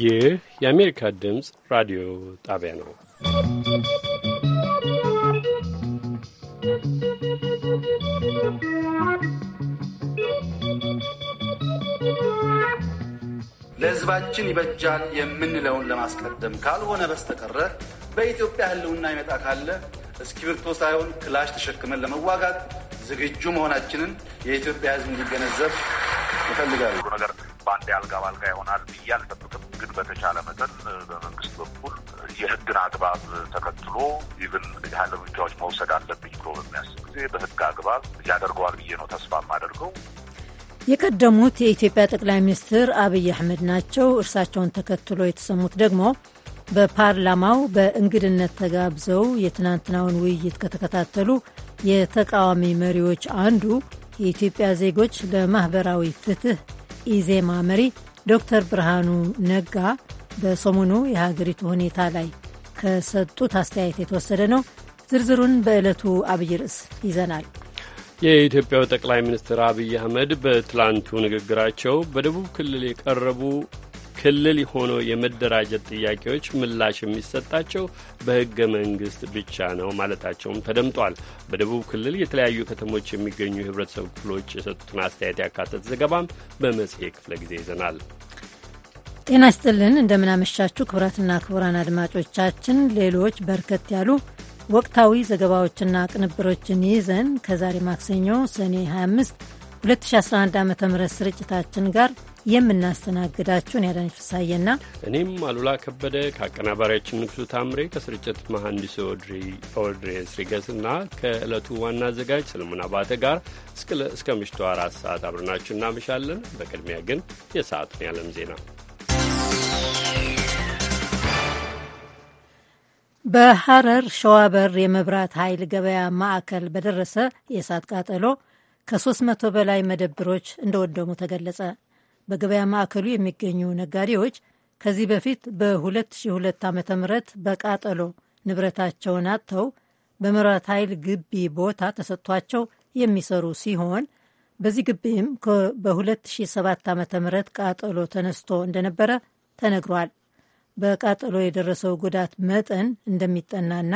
ይህ የአሜሪካ ድምፅ ራዲዮ ጣቢያ ነው። ለሕዝባችን ይበጃል የምንለውን ለማስቀደም ካልሆነ በስተቀረ በኢትዮጵያ ሕልውና ይመጣ ካለ እስክሪብቶ ሳይሆን ክላሽ ተሸክመን ለመዋጋት ዝግጁ መሆናችንን የኢትዮጵያ ሕዝብ እንዲገነዘብ ይፈልጋሉ። አልጋ ባልጋ ይሆናል ብዬ አልጠብቅም። ግን በተቻለ መጠን በመንግስት በኩል የህግን አግባብ ተከትሎ ኢቭን ያህል እርምጃዎች መውሰድ አለብኝ ብሎ በሚያስብ ጊዜ በህግ አግባብ ያደርገዋል ብዬ ነው ተስፋ የማደርገው። የቀደሙት የኢትዮጵያ ጠቅላይ ሚኒስትር አብይ አህመድ ናቸው። እርሳቸውን ተከትሎ የተሰሙት ደግሞ በፓርላማው በእንግድነት ተጋብዘው የትናንትናውን ውይይት ከተከታተሉ የተቃዋሚ መሪዎች አንዱ የኢትዮጵያ ዜጎች ለማኅበራዊ ፍትህ ኢዜማ መሪ ዶክተር ብርሃኑ ነጋ በሰሞኑ የሀገሪቱ ሁኔታ ላይ ከሰጡት አስተያየት የተወሰደ ነው። ዝርዝሩን በዕለቱ አብይ ርዕስ ይዘናል። የኢትዮጵያው ጠቅላይ ሚኒስትር አብይ አህመድ በትላንቱ ንግግራቸው በደቡብ ክልል የቀረቡ ክልል ሆኖ የመደራጀት ጥያቄዎች ምላሽ የሚሰጣቸው በህገ መንግስት ብቻ ነው ማለታቸውም ተደምጧል። በደቡብ ክልል የተለያዩ ከተሞች የሚገኙ የህብረተሰብ ክፍሎች የሰጡትን አስተያየት ያካተት ዘገባም በመጽሔ ክፍለ ጊዜ ይዘናል። ጤና ይስጥልን፣ እንደምናመሻችሁ ክቡራትና ክቡራን አድማጮቻችን ሌሎች በርከት ያሉ ወቅታዊ ዘገባዎችና ቅንብሮችን ይዘን ከዛሬ ማክሰኞ ሰኔ 25 2011 ዓ ም ስርጭታችን ጋር የምናስተናግዳችሁን ያዳነች ፍሳዬና እኔም አሉላ ከበደ ከአቀናባሪያችን ንጉሱ ታምሬ ከስርጭት መሐንዲሱ ኦድሬስ ሪገስና ከዕለቱ ዋና አዘጋጅ ሰለሞን አባተ ጋር እስከ ምሽቱ አራት ሰዓት አብረናችሁ እናመሻለን። በቅድሚያ ግን የሰዓቱን ያለም ዜና በሐረር ሸዋበር የመብራት ኃይል ገበያ ማዕከል በደረሰ የእሳት ቃጠሎ ከ300 በላይ መደብሮች እንደወደሙ ተገለጸ። በገበያ ማዕከሉ የሚገኙ ነጋዴዎች ከዚህ በፊት በ2002 ዓ ም በቃጠሎ ንብረታቸውን አጥተው በመብራት ኃይል ግቢ ቦታ ተሰጥቷቸው የሚሰሩ ሲሆን በዚህ ግቢም በ2007 ዓ ም ቃጠሎ ተነስቶ እንደነበረ ተነግሯል። በቃጠሎ የደረሰው ጉዳት መጠን እንደሚጠናና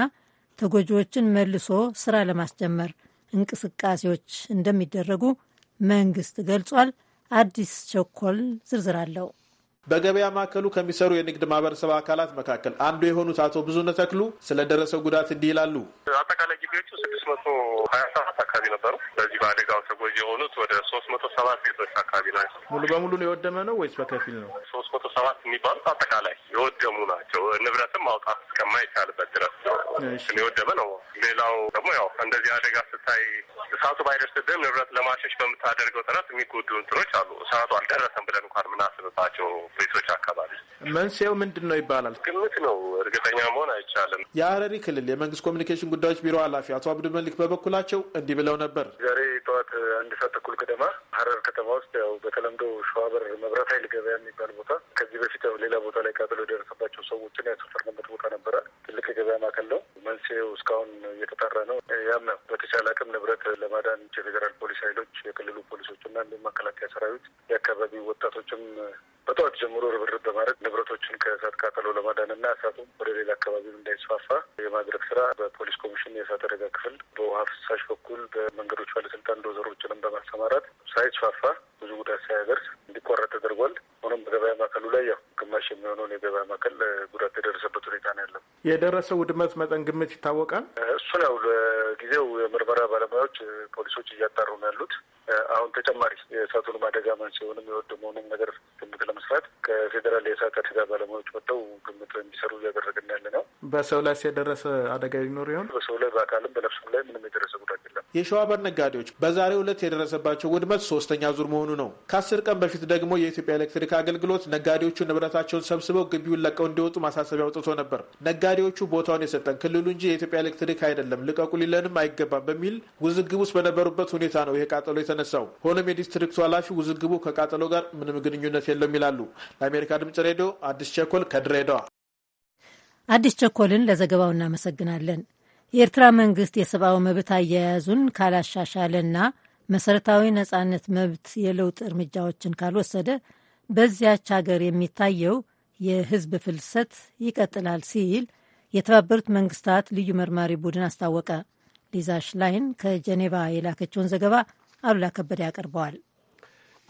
ተጎጂዎችን መልሶ ስራ ለማስጀመር እንቅስቃሴዎች እንደሚደረጉ መንግስት ገልጿል። አዲስ ቸኮል ዝርዝር አለው። በገበያ ማዕከሉ ከሚሰሩ የንግድ ማህበረሰብ አካላት መካከል አንዱ የሆኑት አቶ ብዙነ ተክሉ ስለደረሰው ጉዳት እንዲህ ይላሉ። አጠቃላይ ጊቢዎቹ ስድስት መቶ ሀያ ሰባት አካባቢ ነበሩ። በዚህ በአደጋው ተጎጂ የሆኑት ወደ ሶስት መቶ ሰባት ቤቶች አካባቢ ናቸው። ሙሉ በሙሉ ነው የወደመ ነው ወይስ በከፊል ነው? ሶስት መቶ ሰባት የሚባሉት አጠቃላይ የወደሙ ናቸው። ንብረትም ማውጣት እስከማይቻልበት ድረስ ነው የወደመ ነው። ሌላው ደግሞ ያው እንደዚህ አደጋ ስታይ እሳቱ ባይደርስብህም ንብረት ለማሸሽ በምታደርገው ጥረት የሚጎዱ እንትኖች አሉ። እሳቱ አልደረሰም ብለን እንኳን ምናስብባቸው ቤቶች አካባቢ መንስኤው ምንድን ነው ይባላል። ግምት ነው፣ እርግጠኛ መሆን አይቻልም። የሀረሪ ክልል የመንግስት ኮሚኒኬሽን ጉዳዮች ቢሮ ኃላፊ አቶ አብዱ መሊክ በበኩላቸው እንዲህ ብለው ነበር። ዛሬ ጠዋት አንድ ሰዓት ተኩል ገደማ ሀረር ከተማ ውስጥ ያው በተለምዶ ሸዋበር መብራት ኃይል ገበያ የሚባል ቦታ ከዚህ በፊት ያው ሌላ ቦታ ላይ ቃጠሎ የደረሰባቸው ሰዎችን ያሰፈርንበት ቦታ ነበረ። ትልቅ የገበያ ማዕከል ነው። መንስኤው እስካሁን እየተጣራ ነው። ያም ነው በተቻለ አቅም ንብረት ለማዳን የፌዴራል ፖሊስ ኃይሎች፣ የክልሉ ፖሊሶች እና እንዲሁም መከላከያ ሰራዊት፣ የአካባቢ ወጣቶችም በጠዋት ጀምሮ ርብርብ በማድረግ ንብረቶችን ከእሳት ቃጠሎ ለማዳን እና እሳቱ ወደ ሌላ አካባቢ እንዳይስፋፋ የማድረግ ስራ በፖሊስ ኮሚሽን የእሳት አደጋ ክፍል በውሃ ፍሳሽ በኩል በመንገዶች ባለስልጣን ዶዘሮችንም በማሰማራት ሳይስፋፋ ብዙ ጉዳት ሳያደርስ እንዲቋረጥ ተደርጓል። ሆኖም በገበያ ማዕከሉ ላይ ያው ግማሽ የሚሆነውን የገበያ ማዕከል ጉዳት የደረሰበት ሁኔታ ነው ያለው። የደረሰው ውድመት መጠን ግምት ይታወቃል። እሱን ያው ለጊዜው የምርመራ ባለሙያዎች ፖሊሶች እያጣሩ ነው ያሉት። አሁን ተጨማሪ የእሳቱንም አደጋ መንስኤውንም የወደመውንም ነገር ግምት ለመስራት ከፌዴራል የእሳት አደጋ ባለሙያዎች መጥተው ግምት እንዲሰሩ እያደረግን ያለ ነው። በሰው ላይ የደረሰ አደጋ ሊኖር ይሆን? በሰው ላይ በአካልም በነፍሱም ላይ ምንም የደረሰ ጉዳት የለም። የሸዋበር ነጋዴዎች በዛሬው ዕለት የደረሰባቸው ውድመት ሶስተኛ ዙር መሆኑ መሆኑ ነው። ከአስር ቀን በፊት ደግሞ የኢትዮጵያ ኤሌክትሪክ አገልግሎት ነጋዴዎቹ ንብረታቸውን ሰብስበው ግቢውን ለቀው እንዲወጡ ማሳሰቢያ አውጥቶ ነበር። ነጋዴዎቹ ቦታውን የሰጠን ክልሉ እንጂ የኢትዮጵያ ኤሌክትሪክ አይደለም፣ ልቀቁ ሊለንም አይገባም በሚል ውዝግብ ውስጥ በነበሩበት ሁኔታ ነው ይሄ ቃጠሎ የተነሳው። ሆኖም የዲስትሪክቱ ኃላፊ ውዝግቡ ከቃጠሎ ጋር ምንም ግንኙነት የለውም ይላሉ። ለአሜሪካ ድምጽ ሬዲዮ አዲስ ቸኮል ከድሬዳዋ። አዲስ ቸኮልን ለዘገባው እናመሰግናለን። የኤርትራ መንግስት የሰብአዊ መብት አያያዙን ካላሻሻለና መሰረታዊ ነጻነት መብት የለውጥ እርምጃዎችን ካልወሰደ በዚያች ሀገር የሚታየው የህዝብ ፍልሰት ይቀጥላል ሲል የተባበሩት መንግስታት ልዩ መርማሪ ቡድን አስታወቀ። ሊዛ ሽላይን ከጀኔቫ የላከችውን ዘገባ አሉላ ከበደ ያቀርበዋል።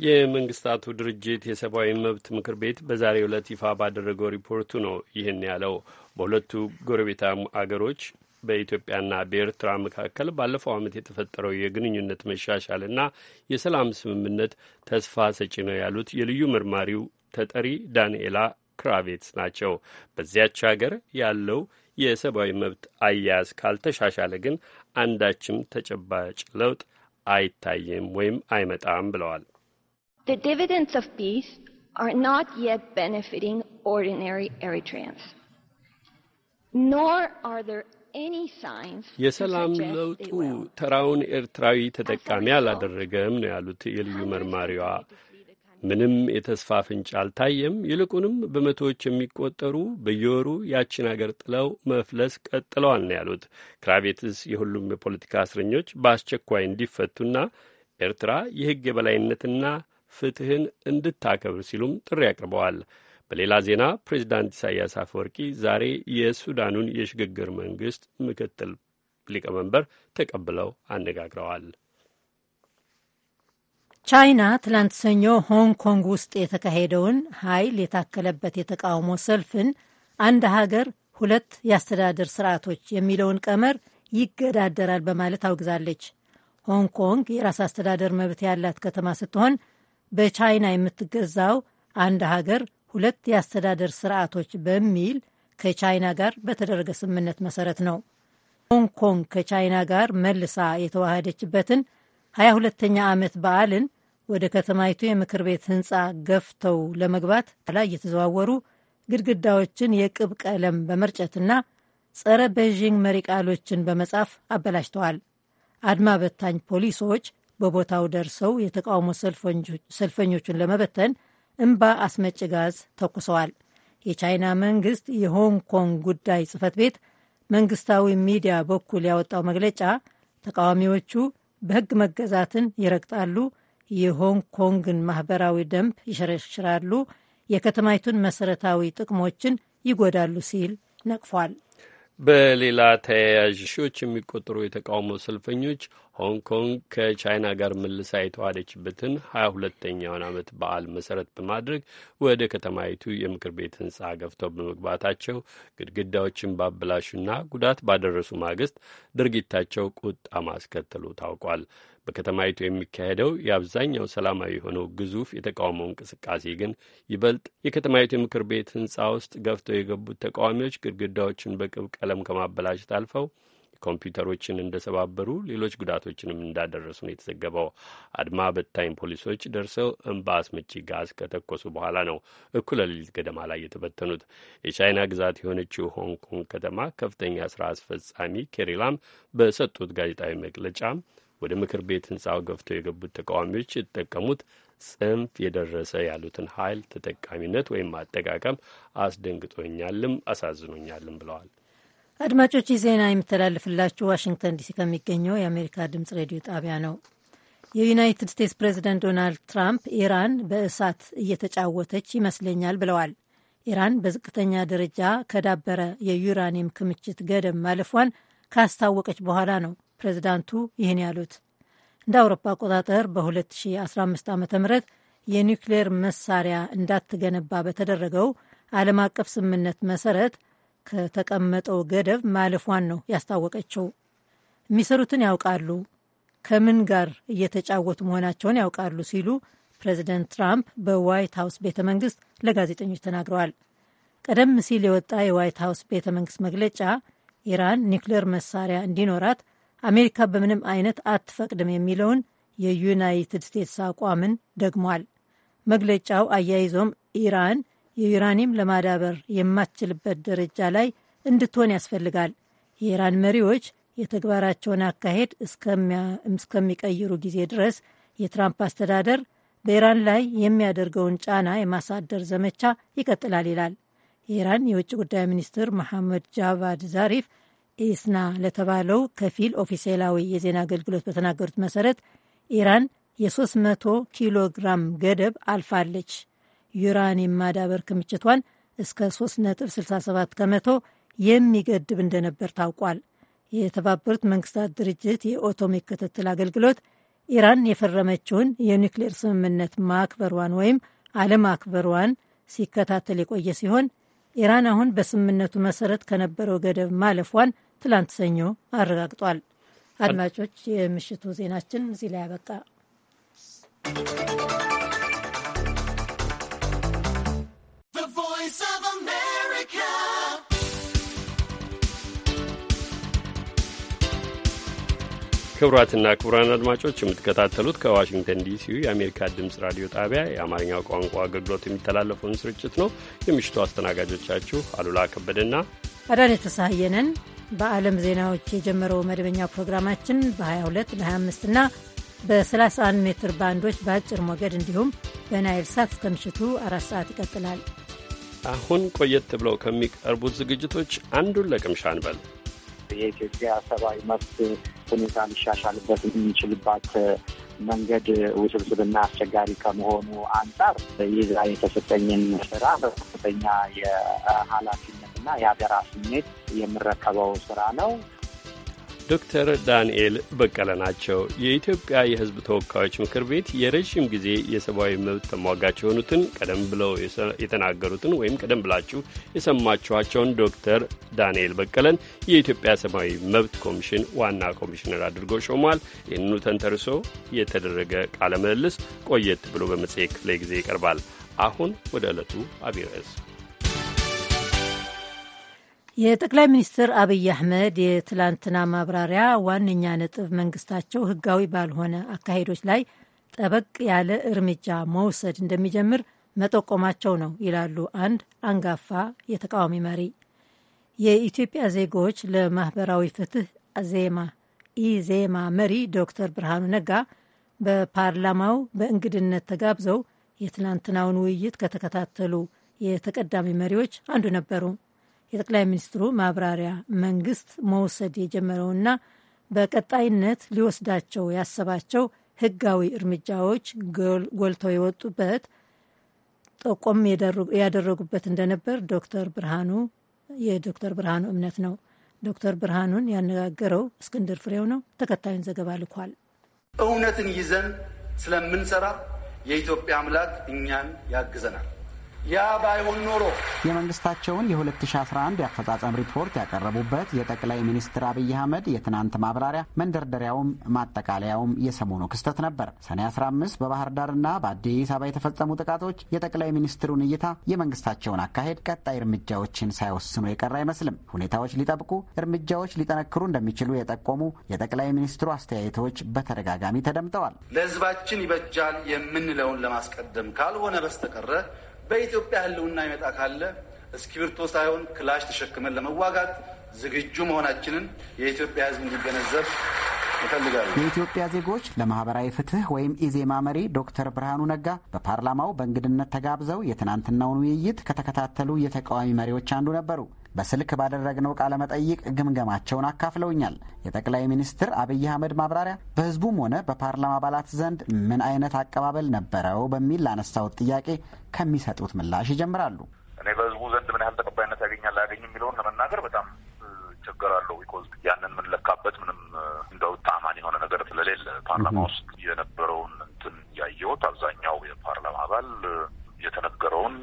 የመንግስታቱ ድርጅት የሰብአዊ መብት ምክር ቤት በዛሬው ዕለት ይፋ ባደረገው ሪፖርቱ ነው ይህን ያለው። በሁለቱ ጎረቤታ አገሮች በኢትዮጵያና በኤርትራ መካከል ባለፈው ዓመት የተፈጠረው የግንኙነት መሻሻልና የሰላም ስምምነት ተስፋ ሰጪ ነው ያሉት የልዩ መርማሪው ተጠሪ ዳንኤላ ክራቬትስ ናቸው። በዚያች ሀገር ያለው የሰብአዊ መብት አያያዝ ካልተሻሻለ ግን አንዳችም ተጨባጭ ለውጥ አይታይም ወይም አይመጣም ብለዋል። የሰላም ለውጡ ተራውን ኤርትራዊ ተጠቃሚ አላደረገም ነው ያሉት የልዩ መርማሪዋ። ምንም የተስፋ ፍንጭ አልታየም። ይልቁንም በመቶዎች የሚቆጠሩ በየወሩ ያችን አገር ጥለው መፍለስ ቀጥለዋል ነው ያሉት። ክራቬትስ የሁሉም የፖለቲካ እስረኞች በአስቸኳይ እንዲፈቱና ኤርትራ የሕግ የበላይነትና ፍትህን እንድታከብር ሲሉም ጥሪ አቅርበዋል። በሌላ ዜና ፕሬዚዳንት ኢሳያስ አፈወርቂ ዛሬ የሱዳኑን የሽግግር መንግስት ምክትል ሊቀመንበር ተቀብለው አነጋግረዋል። ቻይና ትላንት ሰኞ ሆንግ ኮንግ ውስጥ የተካሄደውን ኃይል የታከለበት የተቃውሞ ሰልፍን አንድ ሀገር ሁለት የአስተዳደር ስርዓቶች የሚለውን ቀመር ይገዳደራል በማለት አውግዛለች። ሆንግ ኮንግ የራስ አስተዳደር መብት ያላት ከተማ ስትሆን በቻይና የምትገዛው አንድ ሀገር ሁለት የአስተዳደር ስርዓቶች በሚል ከቻይና ጋር በተደረገ ስምምነት መሰረት ነው። ሆንግ ኮንግ ከቻይና ጋር መልሳ የተዋሃደችበትን ሀያ ሁለተኛ ዓመት በዓልን ወደ ከተማይቱ የምክር ቤት ህንፃ ገፍተው ለመግባት ላይ እየተዘዋወሩ ግድግዳዎችን የቅብ ቀለም በመርጨትና ጸረ ቤዥንግ መሪ ቃሎችን በመጻፍ አበላሽተዋል። አድማ በታኝ ፖሊሶች በቦታው ደርሰው የተቃውሞ ሰልፈኞቹን ለመበተን እምባ አስመጭ ጋዝ ተኩሰዋል። የቻይና መንግስት የሆንግ ኮንግ ጉዳይ ጽህፈት ቤት መንግስታዊ ሚዲያ በኩል ያወጣው መግለጫ ተቃዋሚዎቹ በህግ መገዛትን ይረግጣሉ፣ የሆንግ ኮንግን ማህበራዊ ደንብ ይሸረሽራሉ፣ የከተማይቱን መሰረታዊ ጥቅሞችን ይጎዳሉ ሲል ነቅፏል። በሌላ ተያያዦች የሚቆጠሩ የተቃውሞ ሰልፈኞች ሆንግ ኮንግ ከቻይና ጋር መልሳ የተዋደችበትን ሀያ ሁለተኛውን ዓመት በዓል መሰረት በማድረግ ወደ ከተማይቱ የምክር ቤት ህንፃ ገፍተው በመግባታቸው ግድግዳዎችን ባበላሹና ጉዳት ባደረሱ ማግስት ድርጊታቸው ቁጣ ማስከተሉ ታውቋል። በከተማይቱ የሚካሄደው የአብዛኛው ሰላማዊ የሆነው ግዙፍ የተቃውሞ እንቅስቃሴ ግን ይበልጥ የከተማይቱ የምክር ቤት ህንፃ ውስጥ ገፍተው የገቡት ተቃዋሚዎች ግድግዳዎችን በቅብ ቀለም ከማበላሸት አልፈው ኮምፒውተሮችን እንደሰባበሩ ሌሎች ጉዳቶችንም እንዳደረሱ ነው የተዘገበው። አድማ በታኝ ፖሊሶች ደርሰው እንባ አስመጪ ጋዝ ከተኮሱ በኋላ ነው እኩለ ሌሊት ገደማ ላይ የተበተኑት። የቻይና ግዛት የሆነችው ሆንግ ኮንግ ከተማ ከፍተኛ ስራ አስፈጻሚ ኬሪላም በሰጡት ጋዜጣዊ መግለጫ ወደ ምክር ቤት ህንፃው ገፍተው የገቡት ተቃዋሚዎች የተጠቀሙት ጽንፍ የደረሰ ያሉትን ኃይል ተጠቃሚነት ወይም አጠቃቀም አስደንግጦኛልም አሳዝኖኛልም ብለዋል። አድማጮች ዜና የሚተላለፍላችሁ ዋሽንግተን ዲሲ ከሚገኘው የአሜሪካ ድምጽ ሬዲዮ ጣቢያ ነው። የዩናይትድ ስቴትስ ፕሬዚደንት ዶናልድ ትራምፕ ኢራን በእሳት እየተጫወተች ይመስለኛል ብለዋል። ኢራን በዝቅተኛ ደረጃ ከዳበረ የዩራኒየም ክምችት ገደብ ማለፏን ካስታወቀች በኋላ ነው ፕሬዚዳንቱ ይህን ያሉት እንደ አውሮፓ አቆጣጠር በ2015 ዓ ም የኒውክሌር መሳሪያ እንዳትገነባ በተደረገው ዓለም አቀፍ ስምምነት መሰረት ከተቀመጠው ገደብ ማለፏን ነው ያስታወቀችው። የሚሰሩትን ያውቃሉ፣ ከምን ጋር እየተጫወቱ መሆናቸውን ያውቃሉ ሲሉ ፕሬዚደንት ትራምፕ በዋይት ሀውስ ቤተ መንግስት ለጋዜጠኞች ተናግረዋል። ቀደም ሲል የወጣ የዋይት ሀውስ ቤተ መንግስት መግለጫ ኢራን ኒውክሌር መሳሪያ እንዲኖራት አሜሪካ በምንም አይነት አትፈቅድም የሚለውን የዩናይትድ ስቴትስ አቋምን ደግሟል። መግለጫው አያይዞም ኢራን የዩራኒየም ለማዳበር የማትችልበት ደረጃ ላይ እንድትሆን ያስፈልጋል። የኢራን መሪዎች የተግባራቸውን አካሄድ እስከሚቀይሩ ጊዜ ድረስ የትራምፕ አስተዳደር በኢራን ላይ የሚያደርገውን ጫና የማሳደር ዘመቻ ይቀጥላል ይላል። የኢራን የውጭ ጉዳይ ሚኒስትር መሐመድ ጃቫድ ዛሪፍ ኢስና ለተባለው ከፊል ኦፊሴላዊ የዜና አገልግሎት በተናገሩት መሰረት ኢራን የ300 ኪሎ ግራም ገደብ አልፋለች። ዩራኒየም ማዳበር ክምችቷን እስከ 3.67 ከመቶ የሚገድብ እንደነበር ታውቋል። የተባበሩት መንግስታት ድርጅት የኦቶሚክ ክትትል አገልግሎት ኢራን የፈረመችውን የኒውክሌር ስምምነት ማክበሯን ወይም አለማክበሯን ሲከታተል የቆየ ሲሆን ኢራን አሁን በስምምነቱ መሰረት ከነበረው ገደብ ማለፏን ትላንት ሰኞ አረጋግጧል። አድማጮች፣ የምሽቱ ዜናችን እዚህ ላይ ያበቃ። ክቡራትና ክቡራን አድማጮች የምትከታተሉት ከዋሽንግተን ዲሲ የአሜሪካ ድምፅ ራዲዮ ጣቢያ የአማርኛ ቋንቋ አገልግሎት የሚተላለፈውን ስርጭት ነው። የምሽቱ አስተናጋጆቻችሁ አሉላ ከበደና አዳነ ተሳየነን። በዓለም ዜናዎች የጀመረው መደበኛ ፕሮግራማችን በ22 በ25 እና በ31 ሜትር ባንዶች በአጭር ሞገድ እንዲሁም በናይል ሳት እስከ ምሽቱ አራት ሰዓት ይቀጥላል። አሁን ቆየት ብለው ከሚቀርቡት ዝግጅቶች አንዱን ለቅምሻ እንበል። የኢትዮጵያ ሰብአዊ መብት ሁኔታ ሊሻሻልበት የሚችልባት መንገድ ውስብስብና አስቸጋሪ ከመሆኑ አንጻር ይዛ የተሰጠኝን ስራ በከፍተኛ የኃላፊነት እና የሀገራ ስሜት የምረከበው ስራ ነው። ዶክተር ዳንኤል በቀለ ናቸው። የኢትዮጵያ የሕዝብ ተወካዮች ምክር ቤት የረዥም ጊዜ የሰብአዊ መብት ተሟጋች የሆኑትን ቀደም ብለው የተናገሩትን ወይም ቀደም ብላችሁ የሰማችኋቸውን ዶክተር ዳንኤል በቀለን የኢትዮጵያ ሰብአዊ መብት ኮሚሽን ዋና ኮሚሽነር አድርጎ ሾሟል። ይህንኑ ተንተርሶ የተደረገ ቃለ ምልልስ ቆየት ብሎ በመጽሔት ክፍለ ጊዜ ይቀርባል። አሁን ወደ ዕለቱ አብይ ርዕስ የጠቅላይ ሚኒስትር አብይ አህመድ የትላንትና ማብራሪያ ዋነኛ ነጥብ መንግስታቸው ህጋዊ ባልሆነ አካሄዶች ላይ ጠበቅ ያለ እርምጃ መውሰድ እንደሚጀምር መጠቆማቸው ነው ይላሉ አንድ አንጋፋ የተቃዋሚ መሪ። የኢትዮጵያ ዜጎች ለማህበራዊ ፍትህ ዜማ ኢዜማ መሪ ዶክተር ብርሃኑ ነጋ በፓርላማው በእንግድነት ተጋብዘው የትላንትናውን ውይይት ከተከታተሉ የተቀዳሚ መሪዎች አንዱ ነበሩ። የጠቅላይ ሚኒስትሩ ማብራሪያ መንግስት መውሰድ የጀመረውና በቀጣይነት ሊወስዳቸው ያሰባቸው ህጋዊ እርምጃዎች ጎልተው የወጡበት ጠቆም ያደረጉበት እንደነበር ዶክተር ብርሃኑ የዶክተር ብርሃኑ እምነት ነው። ዶክተር ብርሃኑን ያነጋገረው እስክንድር ፍሬው ነው። ተከታዩን ዘገባ ልኳል። እውነትን ይዘን ስለምንሰራ የኢትዮጵያ አምላክ እኛን ያግዘናል። ያ ባይሆን ኖሮ የመንግስታቸውን የ2011 የአፈጻጸም ሪፖርት ያቀረቡበት የጠቅላይ ሚኒስትር አብይ አህመድ የትናንት ማብራሪያ መንደርደሪያውም ማጠቃለያውም የሰሞኑ ክስተት ነበር። ሰኔ 15 በባህር ዳርና በአዲስ አበባ የተፈጸሙ ጥቃቶች የጠቅላይ ሚኒስትሩን እይታ፣ የመንግስታቸውን አካሄድ፣ ቀጣይ እርምጃዎችን ሳይወስኑ የቀረ አይመስልም። ሁኔታዎች ሊጠብቁ እርምጃዎች ሊጠነክሩ እንደሚችሉ የጠቆሙ የጠቅላይ ሚኒስትሩ አስተያየቶች በተደጋጋሚ ተደምጠዋል። ለህዝባችን ይበጃል የምንለውን ለማስቀደም ካልሆነ በስተቀረ በኢትዮጵያ ህልውና ይመጣ ካለ እስክሪብቶ ሳይሆን ክላሽ ተሸክመን ለመዋጋት ዝግጁ መሆናችንን የኢትዮጵያ ህዝብ እንዲገነዘብ የኢትዮጵያ ዜጎች ለማህበራዊ ፍትህ ወይም ኢዜማ መሪ ዶክተር ብርሃኑ ነጋ በፓርላማው በእንግድነት ተጋብዘው የትናንትናውን ውይይት ከተከታተሉ የተቃዋሚ መሪዎች አንዱ ነበሩ። በስልክ ባደረግነው ቃለ መጠይቅ ግምገማቸውን አካፍለውኛል። የጠቅላይ ሚኒስትር አብይ አህመድ ማብራሪያ በህዝቡም ሆነ በፓርላማ አባላት ዘንድ ምን አይነት አቀባበል ነበረው በሚል ላነሳውት ጥያቄ ከሚሰጡት ምላሽ ይጀምራሉ። እኔ በህዝቡ ዘንድ ምን ያህል ተቀባይነት ያገኛል አያገኝም የሚለውን ለመናገር በጣም እቸገራለሁ። ቢኮዝ ያንን ምንለካበት ምንም እንደው ታማኝ የሆነ ነገር ስለሌለ ፓርላማ ውስጥ የነበረውን እንትን ያየሁት አብዛኛው የፓርላማ አባል የተነገረውን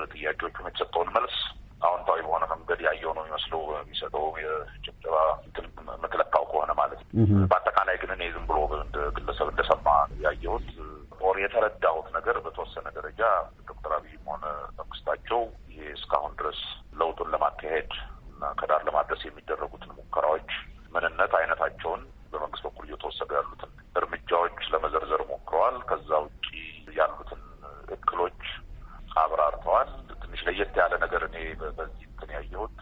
ለጥያቄዎቹ የተሰጠውን መልስ አዎንታዊ በሆነ መንገድ ያየው ነው የሚመስለው የሚሰጠው የጭብጨባ መግለካው ከሆነ ማለት ነው። በአጠቃላይ ግን እኔ ዝም ብሎ እንደ ግለሰብ እንደሰማ ያየሁት ኦር የተረዳሁት ነገር በተወሰነ ደረጃ ዶክተር አብይም ሆነ መንግስታቸው ይሄ እስካሁን ድረስ ለውጡን ለማካሄድ እና ከዳር ለማድረስ የሚደረጉትን ሙከራዎች ምንነት፣ አይነታቸውን በመንግስት በኩል እየተወሰዱ ያሉትን እርምጃዎች ለመዘርዘር ሞክረዋል። ከዛ ውጪ ያሉትን እክሎች አብራርተዋል። ለየት ያለ ነገር እኔ በዚህ እንትን ያየሁት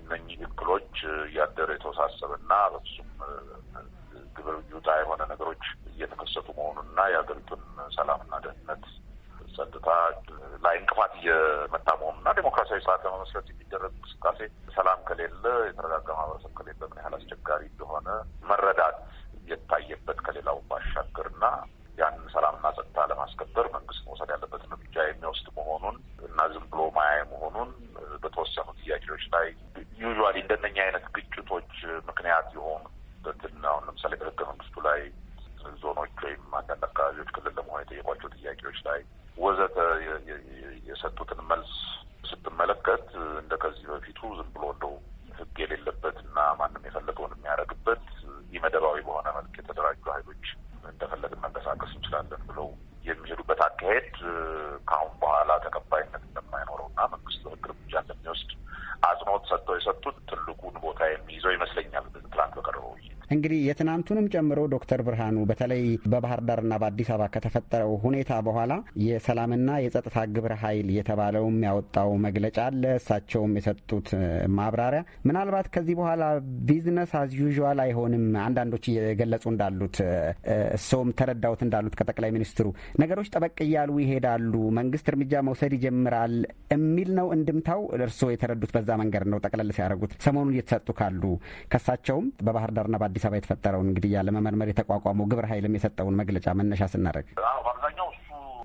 እነኚህ እክሎች እያደረ የተወሳሰበና በሱም ግብር ይውጣ የሆነ ነገሮች እየተከሰቱ መሆኑንና የሀገሪቱን ሰላምና ደህንነት ጸጥታ ላይ እንቅፋት እየመጣ መሆኑና ዴሞክራሲያዊ ስርዓት ለመመስረት የሚደረግ እንቅስቃሴ ሰላም ከሌለ፣ የተረጋጋ ማህበረሰብ ከሌለ ምን ያህል አስቸጋሪ እንደሆነ መረዳት የታየበት ከሌላው ባሻገርና የትናንቱንም ጨምሮ ዶክተር ብርሃኑ በተለይ በባህር ዳርና በአዲስ አበባ ከተፈጠረው ሁኔታ በኋላ የሰላምና የጸጥታ ግብረ ኃይል የተባለውም ያወጣው መግለጫ አለ። እሳቸውም የሰጡት ማብራሪያ ምናልባት ከዚህ በኋላ ቢዝነስ አዝ ዩዥዋል አይሆንም። አንዳንዶች እየገለጹ እንዳሉት እሶም ተረዳሁት እንዳሉት ከጠቅላይ ሚኒስትሩ ነገሮች ጠበቅ እያሉ ይሄዳሉ፣ መንግስት እርምጃ መውሰድ ይጀምራል የሚል ነው እንድምታው። እርስዎ የተረዱት በዛ መንገድ ነው? ጠቅለል ሲያደርጉት ሰሞኑን እየተሰጡ ካሉ ከሳቸውም በባህር ዳርና በአዲስ አበባ የተፈጠረውን እንግዲህ ያለመመርመር የተቋቋመው ግብረ ኃይልም የሰጠውን መግለጫ መነሻ ስናደርግ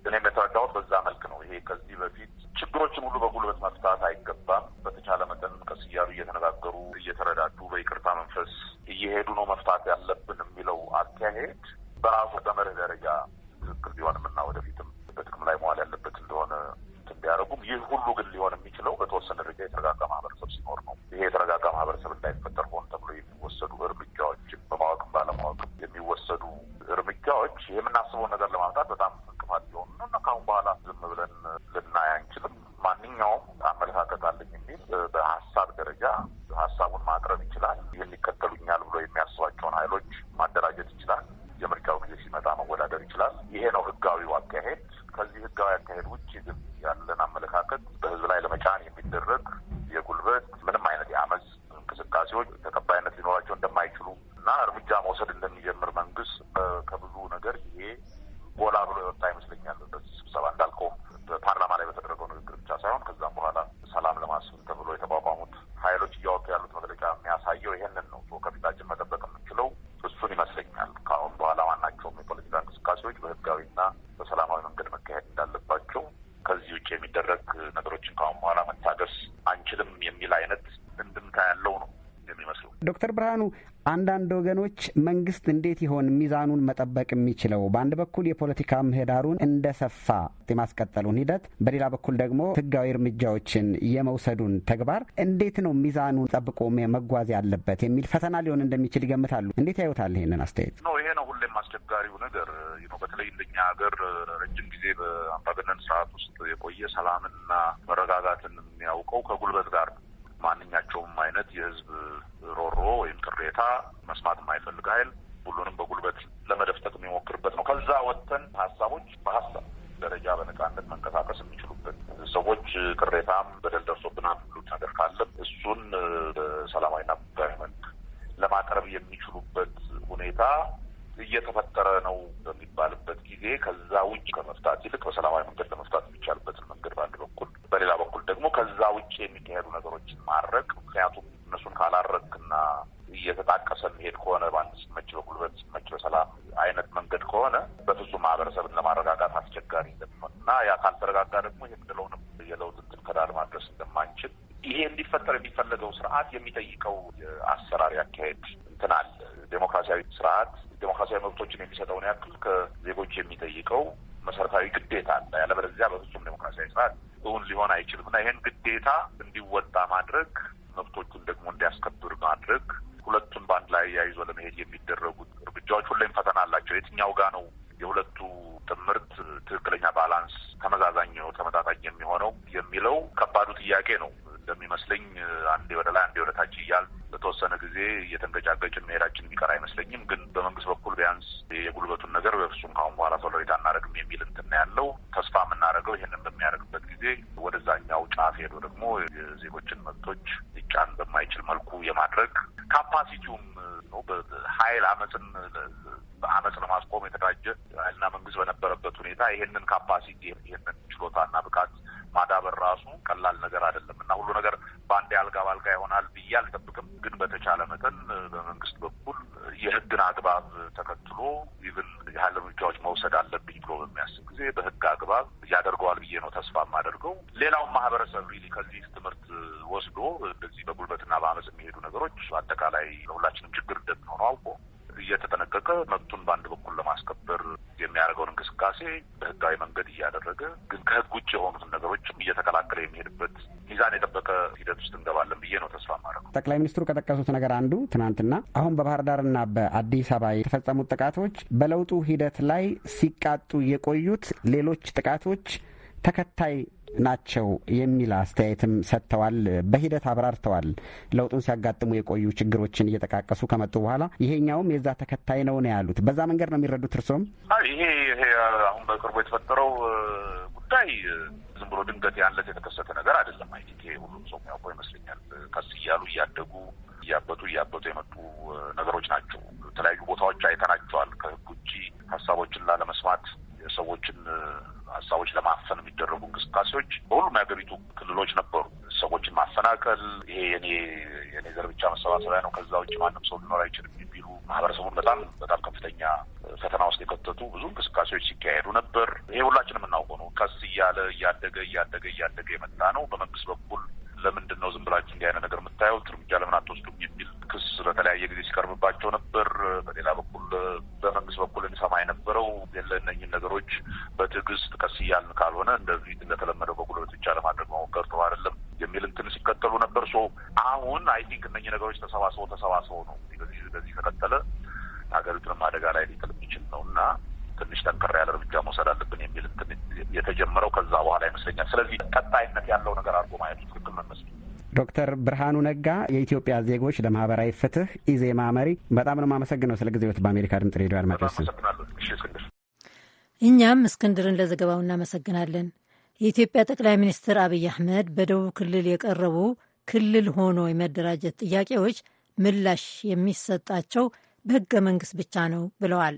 እኔ የተረዳሁት በዛ መልክ ነው። ይሄ ከዚህ በፊት ችግሮችን ሁሉ በጉልበት መፍታት አይገባም። በተቻለ መጠን ቀስ እያሉ እየተነጋገሩ፣ እየተረዳዱ በይቅርታ መንፈስ እየሄዱ ነው መፍታት ያለብን የሚለው አካሄድ በራሱ በመርህ ደረጃ ትክክል ቢሆንም እና ወደፊትም በጥቅም ላይ መዋል ያለበት እንደሆነ ቢያደርጉም ይህ ሁሉ ግን ሊሆን የሚችለው በተወሰነ ደረጃ የተረጋጋ ማህበረሰብ ሲኖር ነው። ይሄ የተረጋጋ ማህበረሰብ እንዳይፈጠር ሆን ተብሎ የሚወሰዱ እርምጃዎች ምሁራኑ አንዳንድ ወገኖች መንግስት እንዴት ይሆን ሚዛኑን መጠበቅ የሚችለው? በአንድ በኩል የፖለቲካ ምህዳሩን እንደሰፋ የማስቀጠሉን ሂደት፣ በሌላ በኩል ደግሞ ህጋዊ እርምጃዎችን የመውሰዱን ተግባር እንዴት ነው ሚዛኑን ጠብቆ መጓዝ ያለበት የሚል ፈተና ሊሆን እንደሚችል ይገምታሉ። እንዴት ያዩታል ይህንን አስተያየት? ያሉ ነገሮችን ማድረግ ምክንያቱም እነሱን ካላረግክና እየተጣቀሰ መሄድ ከሆነ በአንድ ሲመች በጉልበት ስመች በሰላም አይነት መንገድ ከሆነ በፍጹም ማህበረሰብን ለማረጋጋት አስቸጋሪ እንደሚሆን እና ያ ካልተረጋጋ ደግሞ የምንለውንም የለውጥ እንትን ከዳር ማድረስ እንደማንችል ይሄ እንዲፈጠር የሚፈለገው ስርዓት የሚጠይቅ መንግስት በኩል ጠቅላይ ሚኒስትሩ ከጠቀሱት ነገር አንዱ ትናንትና አሁን በባህር ዳርና በአዲስ አበባ የተፈጸሙት ጥቃቶች በለውጡ ሂደት ላይ ሲቃጡ የቆዩት ሌሎች ጥቃቶች ተከታይ ናቸው የሚል አስተያየትም ሰጥተዋል። በሂደት አብራርተዋል። ለውጡን ሲያጋጥሙ የቆዩ ችግሮችን እየጠቃቀሱ ከመጡ በኋላ ይሄኛውም የዛ ተከታይ ነው ነው ያሉት። በዛ መንገድ ነው የሚረዱት እርስዎም? ይሄ ይሄ አሁን በቅርቡ የተፈጠረው ጉዳይ ዝም ብሎ ድንገት ያለት የተከሰተ ነገር አይደለም። አይ ሁሉም ሰው የሚያውቀው ይመስለኛል። ቀስ እያሉ እያደጉ እያበጡ እያበጡ የመጡ ነገሮች ናቸው። የተለያዩ ቦታዎች አይተናቸዋል። ከህግ ውጭ ሀሳቦችን ላለመስማት የሰዎችን ሀሳቦች ለማፈን የሚደረጉ እንቅስቃሴዎች በሁሉም የሀገሪቱ ክልሎች ነበሩ። ሰዎችን ማፈናቀል፣ ይሄ የኔ የኔ ዘር ብቻ መሰባሰቢያ ነው፣ ከዛ ውጭ ማንም ሰው ሊኖር አይችልም የሚሉ ማህበረሰቡን በጣም በጣም ከፍተኛ ፈተና ውስጥ የከተቱ ብዙ እንቅስቃሴዎች ሲካሄዱ ነበር። ይሄ ሁላችን የምናውቀው ነው። ቀስ እያለ እያደገ እያደገ እያደገ የመጣ ነው። በመንግስት በኩል ለምንድን ነው ዝም ብላችሁ እንዲህ አይነት ነገር የምታየው እርምጃ ለምን አትወስዱም የሚል ክስ በተለያየ ጊዜ ሲቀርብባቸው ነበር። በሌላ በኩል በመንግስት በኩል እንሰማ የነበረው የለነኝን ነገሮች በትዕግስት ቀስ እያልን ካልሆነ እንደዚህ እንደተለመደው በጉልበት ብቻ ለማድረግ መሞከር ጥሩ አይደለም የሚል እንትን ሲከተሉ ነበር። ሶ አሁን አይ ቲንክ እነኝህ ነገሮች ተሰባስበው ተሰባስበው ነው በዚህ ከቀጠለ ሀገሪቱንም አደጋ ላይ ሊጥል የሚችል ነው እና ትንሽ ጠንከር ያለ እርምጃ መውሰድ አለብን የሚል የተጀመረው ከዛ በኋላ ይመስለኛል። ስለዚህ ቀጣይነት ያለው ነገር አድርጎ ማየቱ ትክክል ነው ዶክተር ብርሃኑ ነጋ የኢትዮጵያ ዜጎች ለማህበራዊ ፍትህ ኢዜማ መሪ፣ በጣም ነው የማመሰግነው ስለ ጊዜዎት። በአሜሪካ ድምጽ ሬዲዮ አድማጮች እኛም እስክንድርን ለዘገባው እናመሰግናለን። የኢትዮጵያ ጠቅላይ ሚኒስትር አብይ አህመድ በደቡብ ክልል የቀረቡ ክልል ሆኖ የመደራጀት ጥያቄዎች ምላሽ የሚሰጣቸው በህገ መንግስት ብቻ ነው ብለዋል።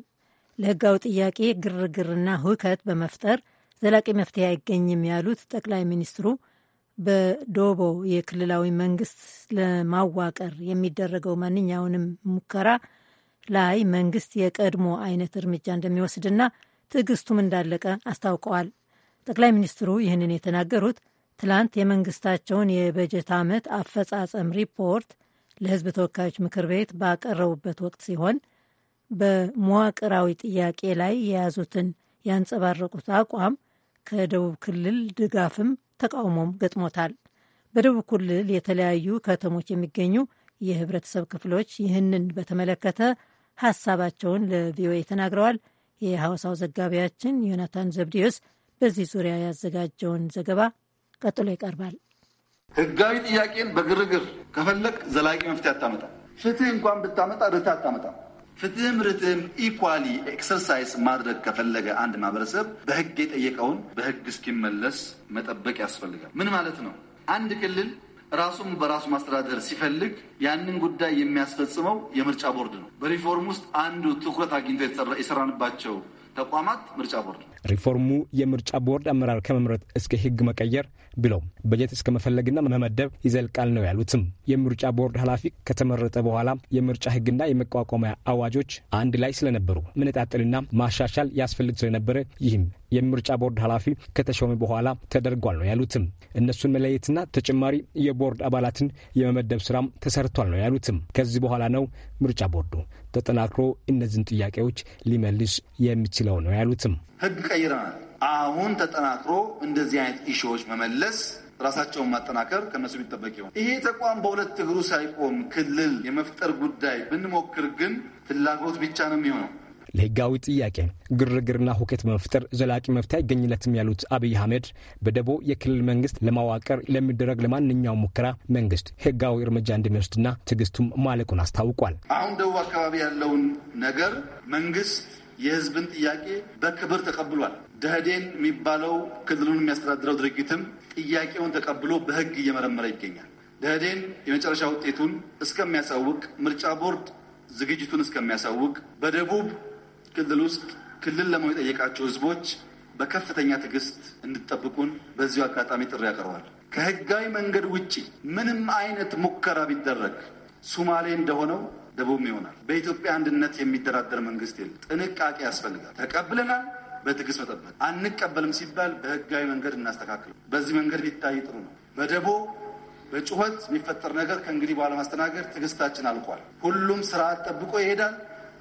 ለህጋዊ ጥያቄ ግርግርና ሁከት በመፍጠር ዘላቂ መፍትሄ አይገኝም ያሉት ጠቅላይ ሚኒስትሩ በዶቦ የክልላዊ መንግስት ለማዋቀር የሚደረገው ማንኛውንም ሙከራ ላይ መንግስት የቀድሞ አይነት እርምጃ እንደሚወስድና ትዕግስቱም እንዳለቀ አስታውቀዋል። ጠቅላይ ሚኒስትሩ ይህንን የተናገሩት ትላንት የመንግስታቸውን የበጀት ዓመት አፈጻጸም ሪፖርት ለህዝብ ተወካዮች ምክር ቤት ባቀረቡበት ወቅት ሲሆን በመዋቅራዊ ጥያቄ ላይ የያዙትን ያንጸባረቁት አቋም ከደቡብ ክልል ድጋፍም ተቃውሞም ገጥሞታል። በደቡብ ክልል የተለያዩ ከተሞች የሚገኙ የህብረተሰብ ክፍሎች ይህንን በተመለከተ ሀሳባቸውን ለቪኦኤ ተናግረዋል። የሐዋሳው ዘጋቢያችን ዮናታን ዘብዲዮስ በዚህ ዙሪያ ያዘጋጀውን ዘገባ ቀጥሎ ይቀርባል። ህጋዊ ጥያቄን በግርግር ከፈለግ ዘላቂ መፍትሄ አታመጣም። ፍትህ እንኳን ብታመጣ ርትዕ አታመጣም። ፍትህም ርትህም ኢኳሊ ኤክሰርሳይዝ ማድረግ ከፈለገ አንድ ማህበረሰብ በህግ የጠየቀውን በህግ እስኪመለስ መጠበቅ ያስፈልጋል። ምን ማለት ነው? አንድ ክልል ራሱም በራሱ ማስተዳደር ሲፈልግ ያንን ጉዳይ የሚያስፈጽመው የምርጫ ቦርድ ነው። በሪፎርም ውስጥ አንዱ ትኩረት አግኝቶ የሰራንባቸው ተቋማት ምርጫ ቦርድ ነው። ሪፎርሙ የምርጫ ቦርድ አመራር ከመምረጥ እስከ ህግ መቀየር ብለው በጀት እስከ መፈለግና መመደብ ይዘልቃል ነው ያሉትም። የምርጫ ቦርድ ኃላፊ ከተመረጠ በኋላ የምርጫ ህግና የመቋቋሚያ አዋጆች አንድ ላይ ስለነበሩ መነጣጠልና ማሻሻል ያስፈልግ ስለነበረ ይህም የምርጫ ቦርድ ኃላፊ ከተሾመ በኋላ ተደርጓል ነው ያሉትም። እነሱን መለየትና ተጨማሪ የቦርድ አባላትን የመመደብ ስራም ተሰርቷል ነው ያሉትም። ከዚህ በኋላ ነው ምርጫ ቦርዱ ተጠናክሮ እነዚህን ጥያቄዎች ሊመልስ የሚችለው ነው ያሉትም። ህግ ቀይረናል። አሁን ተጠናክሮ እንደዚህ አይነት ኢሾዎች መመለስ ራሳቸውን ማጠናከር ከነሱ የሚጠበቅ ይሆን። ይሄ ተቋም በሁለት እግሩ ሳይቆም ክልል የመፍጠር ጉዳይ ብንሞክር ግን ፍላጎት ብቻ ነው የሚሆነው። ለህጋዊ ጥያቄ ግርግርና ሁከት መፍጠር ዘላቂ መፍትሄ አይገኝለትም ያሉት አብይ አህመድ በደቦ የክልል መንግስት ለማዋቀር ለሚደረግ ለማንኛውም ሙከራ መንግስት ህጋዊ እርምጃ እንደሚወስድና ትዕግስቱም ማለቁን አስታውቋል። አሁን ደቡብ አካባቢ ያለውን ነገር መንግስት የህዝብን ጥያቄ በክብር ተቀብሏል። ደህዴን የሚባለው ክልሉን የሚያስተዳድረው ድርጊትም ጥያቄውን ተቀብሎ በህግ እየመረመረ ይገኛል። ደህዴን የመጨረሻ ውጤቱን እስከሚያሳውቅ ምርጫ ቦርድ ዝግጅቱን እስከሚያሳውቅ በደቡብ ክልል ውስጥ ክልል ለመሆን የጠየቃቸው ህዝቦች በከፍተኛ ትዕግስት እንድጠብቁን በዚሁ አጋጣሚ ጥሪ ያቀርባል። ከህጋዊ መንገድ ውጪ ምንም አይነት ሙከራ ቢደረግ ሱማሌ እንደሆነው ደቡብም ይሆናል። በኢትዮጵያ አንድነት የሚደራደር መንግስት የለም። ጥንቃቄ ያስፈልጋል። ተቀብለናል፣ በትዕግስት መጠበቅ። አንቀበልም ሲባል በህጋዊ መንገድ እናስተካክል። በዚህ መንገድ ቢታይ ጥሩ ነው። በደቦ በጩኸት የሚፈጠር ነገር ከእንግዲህ በኋላ ማስተናገድ ትዕግስታችን አልቋል። ሁሉም ስርዓት ጠብቆ ይሄዳል።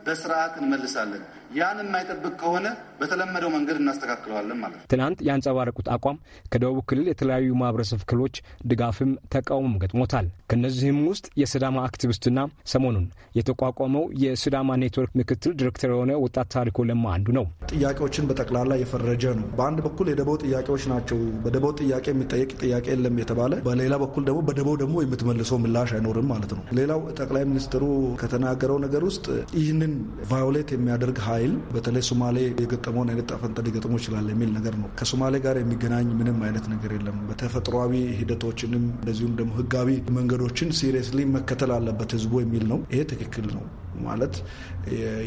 በስርዓት እንመልሳለን። ያን የማይጠብቅ ከሆነ በተለመደው መንገድ እናስተካክለዋለን ማለት ነው። ትናንት ያንጸባረቁት አቋም ከደቡብ ክልል የተለያዩ ማህበረሰብ ክፍሎች ድጋፍም ተቃውሞም ገጥሞታል። ከእነዚህም ውስጥ የስዳማ አክቲቪስትና ሰሞኑን የተቋቋመው የስዳማ ኔትወርክ ምክትል ዲሬክተር የሆነ ወጣት ታሪኮ ለማ አንዱ ነው። ጥያቄዎችን በጠቅላላ የፈረጀ ነው። በአንድ በኩል የደቦ ጥያቄዎች ናቸው፣ በደቦ ጥያቄ የሚጠየቅ ጥያቄ የለም የተባለ፣ በሌላ በኩል ደግሞ በደቦ ደግሞ የምትመልሰው ምላሽ አይኖርም ማለት ነው። ሌላው ጠቅላይ ሚኒስትሩ ከተናገረው ነገር ውስጥ ይህንን ቫዮሌት የሚያደርግ ኃይል በተለይ ሶማሌ የገጠመውን አይነት ጣፈንታ ሊገጥሞ ይችላል የሚል ነገር ነው። ከሶማሌ ጋር የሚገናኝ ምንም አይነት ነገር የለም። በተፈጥሯዊ ሂደቶችንም እንደዚሁም ደግሞ ህጋዊ መንገዶችን ሲሪየስሊ መከተል አለበት ህዝቡ የሚል ነው። ይሄ ትክክል ነው። ማለት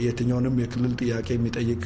የትኛውንም የክልል ጥያቄ የሚጠይቅ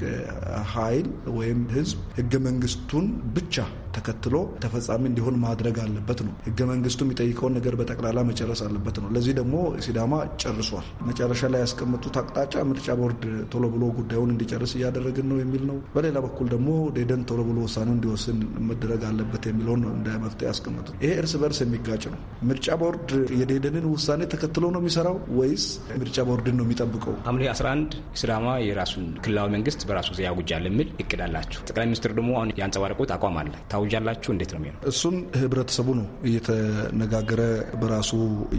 ኃይል ወይም ህዝብ ህገ መንግስቱን ብቻ ተከትሎ ተፈጻሚ እንዲሆን ማድረግ አለበት ነው። ህገ መንግስቱ የሚጠይቀውን ነገር በጠቅላላ መጨረስ አለበት ነው። ለዚህ ደግሞ ሲዳማ ጨርሷል። መጨረሻ ላይ ያስቀመጡት አቅጣጫ ምርጫ ቦርድ ቶሎ ብሎ ጉዳዩን እንዲጨርስ እያደረግን ነው የሚል ነው። በሌላ በኩል ደግሞ ደደን ቶሎ ብሎ ውሳኔ እንዲወስን መደረግ አለበት የሚለውን ነው እንደ መፍትሄ ያስቀመጡት። ይሄ እርስ በርስ የሚጋጭ ነው። ምርጫ ቦርድ የደደንን ውሳኔ ተከትሎ ነው የሚሰራው ወይስ ምርጫ ቦርድን ነው የሚጠብቀው? ሐምሌ 11 ሲዳማ የራሱን ክልላዊ መንግስት በራሱ ጊዜ ያውጃል የሚል እቅድ ጠቅላይ ሚኒስትር ደግሞ አሁን ያንጸባረቁት አቋም አለ። ታውጃላችሁ እንዴት ነው የሚሆነው? እሱን ህብረተሰቡ ነው እየተነጋገረ በራሱ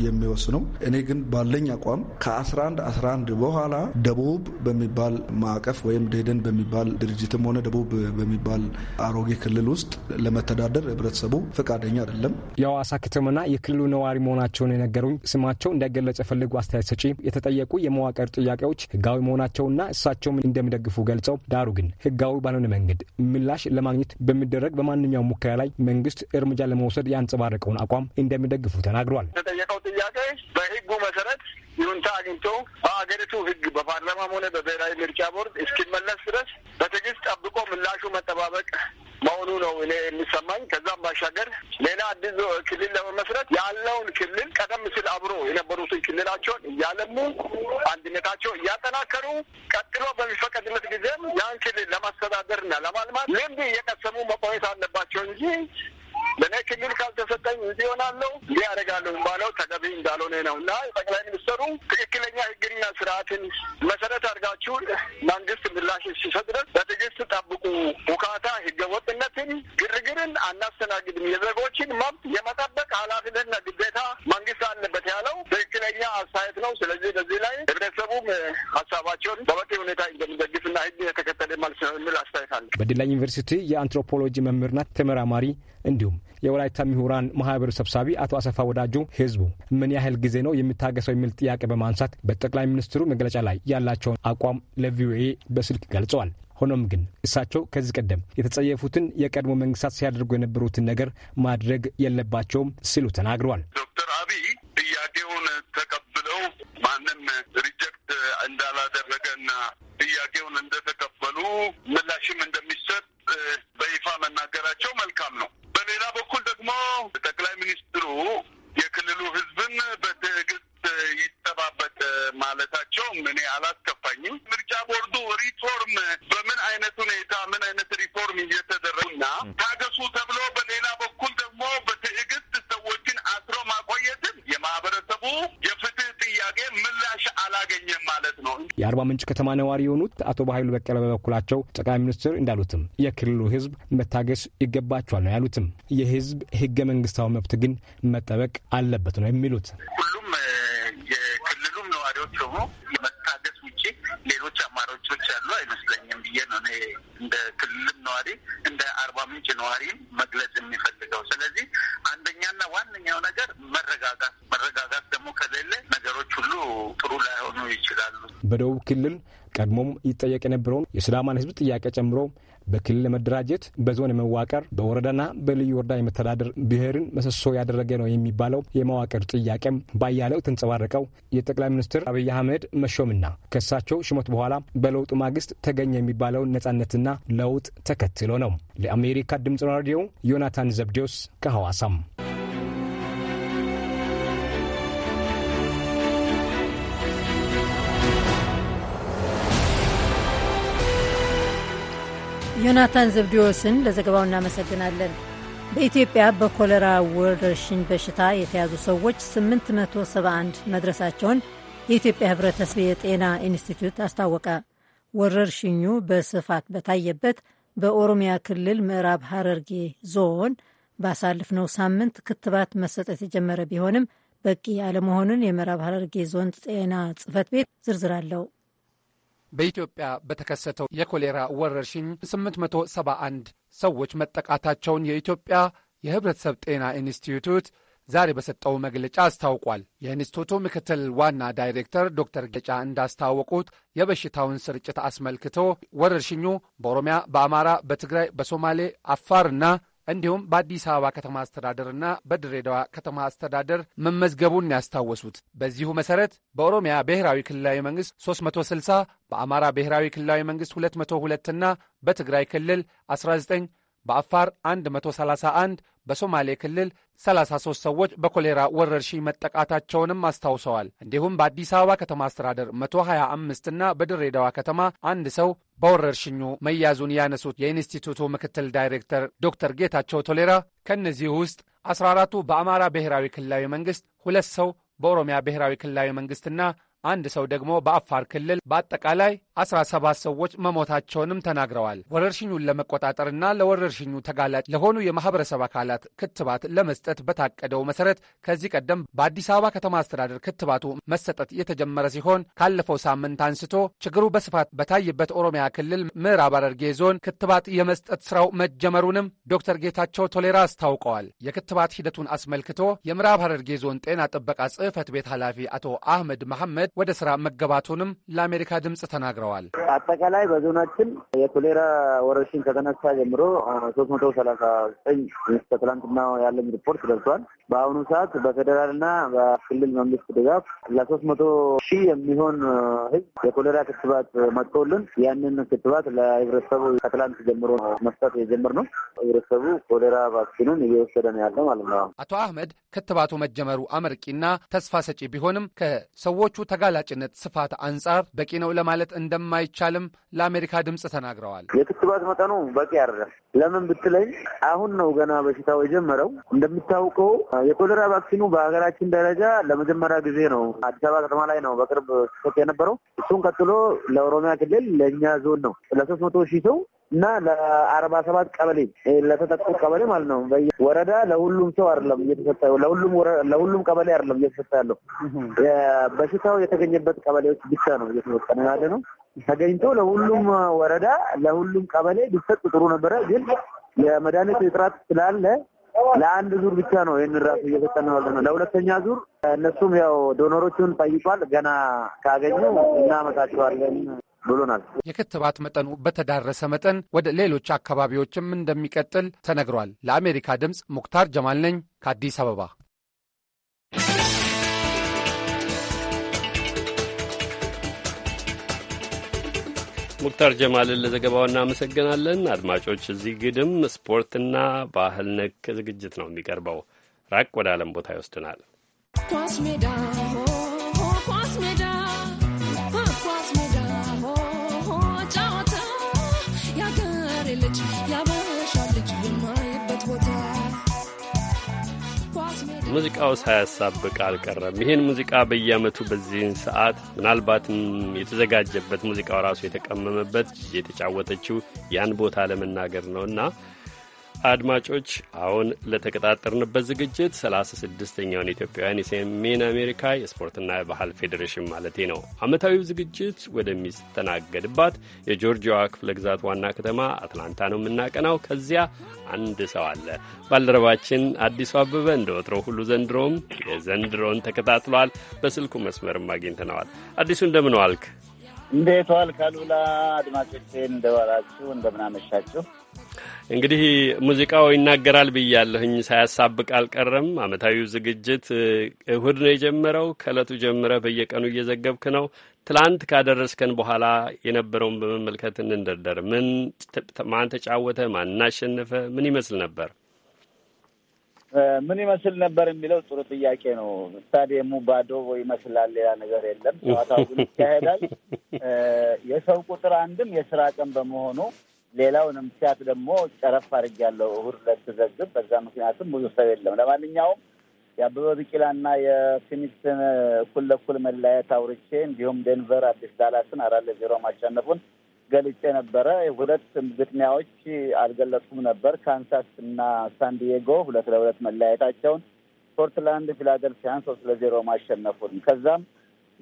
የሚወስነው። እኔ ግን ባለኝ አቋም ከ11 11 በኋላ ደቡብ በሚባል ማዕቀፍ ወይም ደደን በሚባል ድርጅትም ሆነ ደቡብ በሚባል አሮጌ ክልል ውስጥ ለመተዳደር ህብረተሰቡ ፈቃደኛ አይደለም። የአዋሳ ከተማና የክልሉ ነዋሪ መሆናቸውን የነገሩኝ ስማቸው እንዳይገለጽ የፈልጉ አስተያየት ሰጪ የተጠየቁ የመዋ የመዋቅር ጥያቄዎች ህጋዊ መሆናቸውና እሳቸውም እንደሚደግፉ ገልጸው ዳሩ ግን ህጋዊ ባልሆነ መንገድ ምላሽ ለማግኘት በሚደረግ በማንኛውም ሙከራ ላይ መንግስት እርምጃ ለመውሰድ ያንጸባረቀውን አቋም እንደሚደግፉ ተናግሯል። የተጠየቀው ጥያቄ በህጉ መሰረት ይሁንታ አግኝቶ በአገሪቱ ህግ በፓርላማም ሆነ በብሔራዊ ምርጫ ቦርድ እስኪመለስ ድረስ በትዕግስት ጠብቆ ምላሹ መጠባበቅ መሆኑ ነው እኔ የሚሰማኝ። ከዛም ባሻገር ሌላ አዲስ ክልል ለመመስረት ያለውን ክልል ቀደም ሲል አብሮ የነበሩትን ክልላቸውን እያለሙ አንድነታቸው እያጠናከሩ ቀጥሎ በሚፈቀድለት ጊዜም ያን ክልል ለማስተዳደርና ለማልማት ልምድ እየቀሰሙ መቆየት አለባቸው እንጂ ለእኔ ክልል ካልተሰጠኝ እንዲህ ይሆናለሁ እንዲህ ያደርጋለሁ ባለው ተገቢ እንዳልሆነ ነው እና ጠቅላይ ሚኒስትሩ ትክክለኛ ህግና ስርዓትን መሰረት አድርጋችሁ መንግስት ምላሽ ሲሰጥ ድረስ በትዕግስት ጠብቁ። ውካታ፣ ህገወጥነትን፣ ግርግርን አናስተናግድም። የዜጎችን መብት የመጠበቅ ኃላፊነትና ግዴታ መንግስት አለበት ያለው ትክክለኛ አስተያየት ነው። ስለዚህ በዚህ ላይ ህብረተሰቡም ሀሳባቸውን በበቂ ሁኔታ እንደሚደግፍና ህግ የተከ የተወሰደ ማለት ነው የሚል አስተያየት በዲላ ዩኒቨርሲቲ የአንትሮፖሎጂ መምህርና ተመራማሪ እንዲሁም የወላይታ ምሁራን ማህበሩ ሰብሳቢ አቶ አሰፋ ወዳጆ ህዝቡ ምን ያህል ጊዜ ነው የሚታገሰው የሚል ጥያቄ በማንሳት በጠቅላይ ሚኒስትሩ መግለጫ ላይ ያላቸውን አቋም ለቪኦኤ በስልክ ገልጸዋል። ሆኖም ግን እሳቸው ከዚህ ቀደም የተጸየፉትን የቀድሞ መንግስታት ሲያደርጉ የነበሩትን ነገር ማድረግ የለባቸውም ሲሉ ተናግረዋል። ዶክተር አብይ ጥያቄውን ተቀብለው ማንም ሪጀክት እንዳላደረገና ጥያቄውን እንደተቀበሉ ምላሽም እንደሚሰጥ በይፋ መናገራቸው መልካም ነው። በሌላ በኩል ደግሞ ጠቅላይ ሚኒስትሩ የክልሉ ሕዝብን በትዕግስት ይጠባበቅ ማለታቸው እኔ አላስከፋኝም። ምርጫ ቦርዱ ሪፎርም በምን አይነት ሁኔታ ምን አይነት ሪፎርም እየተደረጉና ታገሱ ተብሎ በሌላ በኩል ደግሞ በትዕግስት ማህበረሰቡ የፍትህ ጥያቄ ምላሽ አላገኘም ማለት ነው። የአርባ ምንጭ ከተማ ነዋሪ የሆኑት አቶ በሀይሉ በቀለ በበኩላቸው ጠቅላይ ሚኒስትር እንዳሉትም የክልሉ ህዝብ መታገስ ይገባቸዋል ነው ያሉትም። የህዝብ ህገ መንግስታዊ መብት ግን መጠበቅ አለበት ነው የሚሉት። ሁሉም የክልሉም ነዋሪዎች ደግሞ ሌሎች አማራጮች ያሉ አይመስለኝም ብዬ ነው እኔ እንደ ክልልም ነዋሪ እንደ አርባ ምንጭ ነዋሪም መግለጽ የሚፈልገው። ስለዚህ አንደኛና ዋነኛው ነገር መረጋጋት፣ መረጋጋት ደግሞ ከሌለ ነገሮች ሁሉ ጥሩ ላይሆኑ ይችላሉ። በደቡብ ክልል ቀድሞም ይጠየቅ የነበረውን የሲዳማን ህዝብ ጥያቄ ጨምሮ በክልል መደራጀት፣ በዞን የመዋቀር፣ በወረዳና በልዩ ወረዳ የመተዳደር ብሔርን ምሰሶ ያደረገ ነው የሚባለው የመዋቅር ጥያቄም ባያለው ተንጸባረቀው የጠቅላይ ሚኒስትር አብይ አህመድ መሾምና ከሳቸው ሽሞት በኋላ በለውጡ ማግስት ተገኘ የሚባለውን ነጻነትና ለውጥ ተከትሎ ነው። ለአሜሪካ ድምፅ ራዲዮ ዮናታን ዘብዴዎስ ከሐዋሳም ዮናታን ዘብዲዎስን ለዘገባው እናመሰግናለን። በኢትዮጵያ በኮለራ ወረርሽኝ በሽታ የተያዙ ሰዎች 871 መድረሳቸውን የኢትዮጵያ ሕብረተሰብ የጤና ኢንስቲትዩት አስታወቀ። ወረርሽኙ በስፋት በታየበት በኦሮሚያ ክልል ምዕራብ ሐረርጌ ዞን ባሳለፍነው ሳምንት ክትባት መሰጠት የጀመረ ቢሆንም በቂ አለመሆኑን የምዕራብ ሐረርጌ ዞን ጤና ጽሕፈት ቤት ዝርዝር አለው። በኢትዮጵያ በተከሰተው የኮሌራ ወረርሽኝ 871 ሰዎች መጠቃታቸውን የኢትዮጵያ የሕብረተሰብ ጤና ኢንስቲትዩት ዛሬ በሰጠው መግለጫ አስታውቋል። የኢንስቲቱቱ ምክትል ዋና ዳይሬክተር ዶክተር ጌጫ እንዳስታወቁት የበሽታውን ስርጭት አስመልክቶ ወረርሽኙ በኦሮሚያ፣ በአማራ፣ በትግራይ፣ በሶማሌ፣ አፋርና እንዲሁም በአዲስ አበባ ከተማ አስተዳደርና በድሬዳዋ ከተማ አስተዳደር መመዝገቡን ያስታወሱት በዚሁ መሰረት በኦሮሚያ ብሔራዊ ክልላዊ መንግስት 360 በአማራ ብሔራዊ ክልላዊ መንግስት 202 እና በትግራይ ክልል 19 በአፋር 131 በሶማሌ ክልል 33 ሰዎች በኮሌራ ወረርሽኝ መጠቃታቸውንም አስታውሰዋል። እንዲሁም በአዲስ አበባ ከተማ አስተዳደር 125 እና በድሬዳዋ ከተማ አንድ ሰው በወረርሽኙ መያዙን ያነሱት የኢንስቲቱቱ ምክትል ዳይሬክተር ዶክተር ጌታቸው ቶሌራ ከእነዚህ ውስጥ 14ቱ በአማራ ብሔራዊ ክልላዊ መንግሥት፣ ሁለት ሰው በኦሮሚያ ብሔራዊ ክልላዊ መንግሥትና አንድ ሰው ደግሞ በአፋር ክልል በአጠቃላይ 17 ሰዎች መሞታቸውንም ተናግረዋል። ወረርሽኙን ለመቆጣጠርና ለወረርሽኙ ተጋላጭ ለሆኑ የማህበረሰብ አካላት ክትባት ለመስጠት በታቀደው መሰረት ከዚህ ቀደም በአዲስ አበባ ከተማ አስተዳደር ክትባቱ መሰጠት የተጀመረ ሲሆን ካለፈው ሳምንት አንስቶ ችግሩ በስፋት በታየበት ኦሮሚያ ክልል ምዕራብ ሐረርጌ ዞን ክትባት የመስጠት ስራው መጀመሩንም ዶክተር ጌታቸው ቶሌራ አስታውቀዋል። የክትባት ሂደቱን አስመልክቶ የምዕራብ ሐረርጌ ዞን ጤና ጥበቃ ጽህፈት ቤት ኃላፊ አቶ አህመድ መሐመድ ወደ ስራ መገባቱንም ለአሜሪካ ድምፅ ተናግረዋል። ተናግረዋል። አጠቃላይ በዞናችን የኮሌራ ወረርሽኝ ከተነሳ ጀምሮ ሶስት መቶ ሰላሳ ዘጠኝ ከትላንትና ያለኝ ሪፖርት ደርሷል። በአሁኑ ሰዓት በፌዴራልና በክልል መንግስት ድጋፍ ለሶስት መቶ ሺህ የሚሆን ህዝብ የኮሌራ ክትባት መጥቶልን ያንን ክትባት ለህብረተሰቡ ከትላንት ጀምሮ መስጠት የጀመርነው ህብረተሰቡ ኮሌራ ቫክሲኑን እየወሰደ ነው ያለ ማለት ነው። አቶ አህመድ ክትባቱ መጀመሩ አመርቂና ተስፋ ሰጪ ቢሆንም ከሰዎቹ ተጋላጭነት ስፋት አንጻር በቂ ነው ለማለት እንደ እንደማይቻልም ለአሜሪካ ድምፅ ተናግረዋል። የክትባት መጠኑ በቂ አይደለም። ለምን ብትለኝ አሁን ነው ገና በሽታው የጀመረው። እንደሚታወቀው የኮሌራ ቫክሲኑ በሀገራችን ደረጃ ለመጀመሪያ ጊዜ ነው አዲስ አበባ ከተማ ላይ ነው በቅርብ ሲሰጥ የነበረው። እሱን ቀጥሎ ለኦሮሚያ ክልል ለእኛ ዞን ነው ለሶስት መቶ ሺህ ሰው እና ለአርባ ሰባት ቀበሌ ለተጠቁ ቀበሌ ማለት ነው። ወረዳ ለሁሉም ሰው አይደለም እየተሰጠ ለሁሉም ለሁሉም ቀበሌ አይደለም እየተሰጠ ያለው በሽታው የተገኘበት ቀበሌዎች ብቻ ነው እየተወጠነ ያለ ነው። ተገኝቶ ለሁሉም ወረዳ ለሁሉም ቀበሌ ቢሰጥ ጥሩ ነበረ። ግን የመድኃኒት እጥረት ስላለ ለአንድ ዙር ብቻ ነው ይህንን ራሱ እየሰጠን ያለ ነው። ለሁለተኛ ዙር እነሱም ያው ዶኖሮቹን ጠይቋል። ገና ካገኙ እናመጣቸዋለን ብሎናል። የክትባት መጠኑ በተዳረሰ መጠን ወደ ሌሎች አካባቢዎችም እንደሚቀጥል ተነግሯል። ለአሜሪካ ድምፅ ሙክታር ጀማል ነኝ ከአዲስ አበባ። ሙክታር ጀማልን ለዘገባው እናመሰግናለን። አድማጮች፣ እዚህ ግድም ስፖርትና ባህል ነክ ዝግጅት ነው የሚቀርበው። ራቅ ወደ ዓለም ቦታ ይወስድናል። ሙዚቃው ሳያሳብቅ አልቀረም። ይህን ሙዚቃ በየዓመቱ በዚህን ሰዓት ምናልባትም የተዘጋጀበት ሙዚቃው ራሱ የተቀመመበት የተጫወተችው ያን ቦታ ለመናገር እና አድማጮች አሁን ለተቀጣጠርንበት ዝግጅት 36ኛውን ኢትዮጵያውያን የሰሜን አሜሪካ የስፖርትና የባህል ፌዴሬሽን ማለቴ ነው ዓመታዊው ዝግጅት ወደሚስተናገድባት የጆርጂያዋ ክፍለ ግዛት ዋና ከተማ አትላንታ ነው የምናቀናው። ከዚያ አንድ ሰው አለ። ባልደረባችን አዲሱ አበበ እንደ ወትሮ ሁሉ ዘንድሮም የዘንድሮን ተከታትሏል። በስልኩ መስመርም አግኝተነዋል። አዲሱ እንደምን ዋልክ? እንዴት ዋልክ? አሉላ አድማጮቼ እንደዋላችሁ እንደምናመሻችሁ እንግዲህ ሙዚቃው ይናገራል ብያለሁኝ፣ ሳያሳብቅ አልቀረም። አመታዊው ዝግጅት እሁድ ነው የጀመረው። ከእለቱ ጀምረ በየቀኑ እየዘገብክ ነው። ትላንት ካደረስከን በኋላ የነበረውን በመመልከት እንደርደር። ምን ማን ተጫወተ? ማን እናሸነፈ? ምን ይመስል ነበር? ምን ይመስል ነበር የሚለው ጥሩ ጥያቄ ነው። ስታዲየሙ ባዶ ይመስላል፣ ሌላ ነገር የለም። ጨዋታው ግን ይካሄዳል። የሰው ቁጥር አንድም የስራ ቀን በመሆኑ ሌላውንም ሲያት ደግሞ ጨረፍ አድርጌያለሁ እሑድ ዕለት ስዘግብ በዛ ምክንያቱም ብዙ ሰው የለም። ለማንኛውም የአበበ ቢቂላና የፊኒክስን እኩል ለኩል መለያየት አውርቼ እንዲሁም ዴንቨር አዲስ ዳላስን አራት ለዜሮ ማሸነፉን ገልጬ ነበረ። ሁለት ግጥሚያዎች አልገለጽኩም ነበር። ካንሳስ እና ሳንዲዬጎ ሁለት ለሁለት መለያየታቸውን፣ ፖርትላንድ ፊላደልፊያን ሶስት ለዜሮ ማሸነፉን ከዛም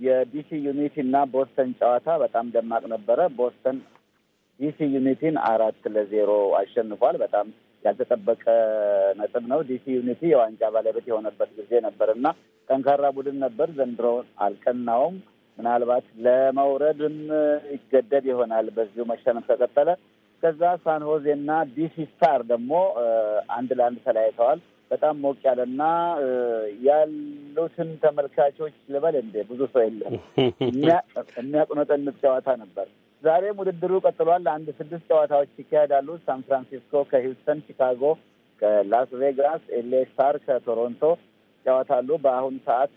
የዲሲ ዩኒቲ እና ቦስተን ጨዋታ በጣም ደማቅ ነበረ። ቦስተን ዲሲ ዩኒቲን አራት ለዜሮ አሸንፏል። በጣም ያልተጠበቀ ነጥብ ነው። ዲሲ ዩኒቲ የዋንጫ ባለቤት የሆነበት ጊዜ ነበር እና ጠንካራ ቡድን ነበር። ዘንድሮ አልቀናውም። ምናልባት ለመውረድም ይገደድ ይሆናል በዚሁ መሸነፍ ከቀጠለ። ከዛ ሳንሆዜ እና ዲሲ ስታር ደግሞ አንድ ለአንድ ተለያይተዋል። በጣም ሞቅ ያለና ያሉትን ተመልካቾች ልበል እንዴ ብዙ ሰው የለም የሚያቁነጠንጥ ጨዋታ ነበር። ዛሬም ውድድሩ ቀጥሏል። አንድ ስድስት ጨዋታዎች ይካሄዳሉ። ሳን ፍራንሲስኮ ከሂውስተን፣ ቺካጎ ከላስ ቬጋስ፣ ኤሌስታር ከቶሮንቶ ጨዋታ አሉ። በአሁኑ ሰዓት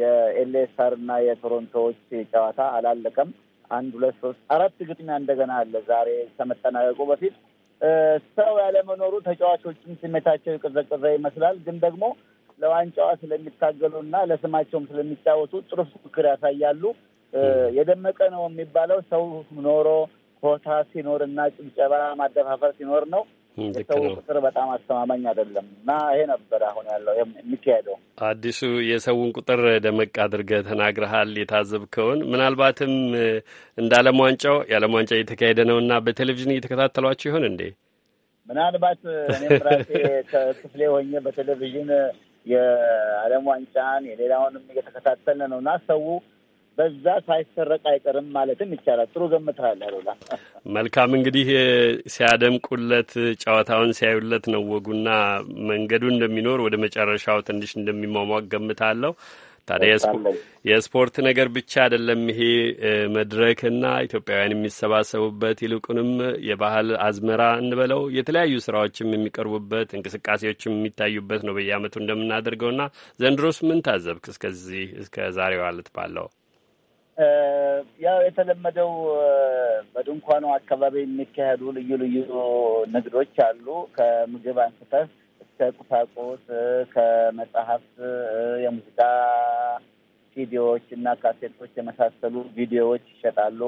የኤሌስታር እና የቶሮንቶዎች ጨዋታ አላለቀም። አንድ ሁለት ሶስት አራት ግጥሚያ እንደገና አለ ዛሬ ከመጠናቀቁ በፊት ሰው ያለመኖሩ ተጫዋቾችም ስሜታቸው የቀዘቀዘ ይመስላል። ግን ደግሞ ለዋንጫዋ ስለሚታገሉ እና ለስማቸውም ስለሚጫወቱ ጥሩ ፉክክር ያሳያሉ። የደመቀ ነው የሚባለው ሰው ኖሮ ኮታ ሲኖር እና ጭብጨባ ማደፋፈር ሲኖር ነው። የሰው ቁጥር በጣም አስተማማኝ አይደለም እና ይሄ ነበር አሁን ያለው የሚካሄደው። አዲሱ የሰውን ቁጥር ደመቅ አድርገህ ተናግረሃል የታዘብከውን። ምናልባትም እንደ ዓለም ዋንጫው የዓለም ዋንጫ እየተካሄደ ነው እና በቴሌቪዥን እየተከታተሏቸው ይሆን እንዴ? ምናልባት እኔም ራሴ ክፍሌ ሆኜ በቴሌቪዥን የዓለም ዋንጫን የሌላውንም እየተከታተልን ነው እና ሰው በዛ ሳይሰረቅ አይቀርም ማለትም ይቻላል። ጥሩ ገምትሃል አሉላ። መልካም እንግዲህ ሲያደምቁለት ጨዋታውን ሲያዩለት ነው ወጉና መንገዱ እንደሚኖር ወደ መጨረሻው ትንሽ እንደሚሟሟቅ ገምታለሁ። ታዲያ የስፖርት ነገር ብቻ አይደለም ይሄ መድረክና ኢትዮጵያውያን የሚሰባሰቡበት ይልቁንም የባህል አዝመራ እንበለው የተለያዩ ስራዎችም የሚቀርቡበት እንቅስቃሴዎችም የሚታዩበት ነው በየአመቱ እንደምናደርገውና ዘንድሮስ ምን ታዘብክ? እስከዚህ እስከ ዛሬው ባለው ያው የተለመደው በድንኳኑ አካባቢ የሚካሄዱ ልዩ ልዩ ንግዶች አሉ። ከምግብ አንስተህ እስከ ቁሳቁስ፣ ከመጽሐፍት፣ የሙዚቃ ሲዲዎች እና ካሴቶች የመሳሰሉ ቪዲዮዎች ይሸጣሉ።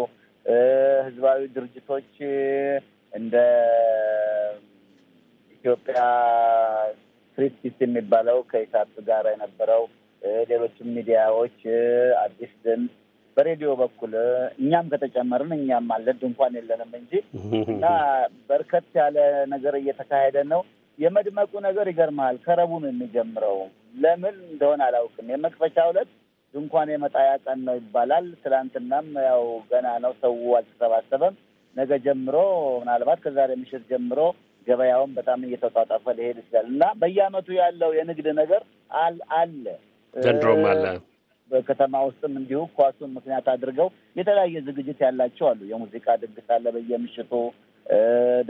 ህዝባዊ ድርጅቶች እንደ ኢትዮጵያ ፍሪስቲስ የሚባለው ከኢሳቱ ጋር የነበረው ሌሎችም ሚዲያዎች አዲስ ድምፅ በሬዲዮ በኩል እኛም ከተጨመርን እኛም አለን ድንኳን የለንም እንጂ እና በርከት ያለ ነገር እየተካሄደ ነው። የመድመቁ ነገር ይገርመሃል። ከረቡን የሚጀምረው። ለምን እንደሆነ አላውቅም። የመክፈቻ ዕለት ድንኳን የመጣያ ቀን ነው ይባላል። ትናንትናም ያው ገና ነው፣ ሰው አልተሰባሰበም። ነገ ጀምሮ ምናልባት ከዛሬ ምሽት ጀምሮ ገበያውን በጣም እየተጧጧፈ ሊሄድ ይችላል እና በየአመቱ ያለው የንግድ ነገር አል አለ ዘንድሮም አለ በከተማ ውስጥም እንዲሁ ኳሱን ምክንያት አድርገው የተለያየ ዝግጅት ያላቸው አሉ። የሙዚቃ ድግስ አለ በየምሽቱ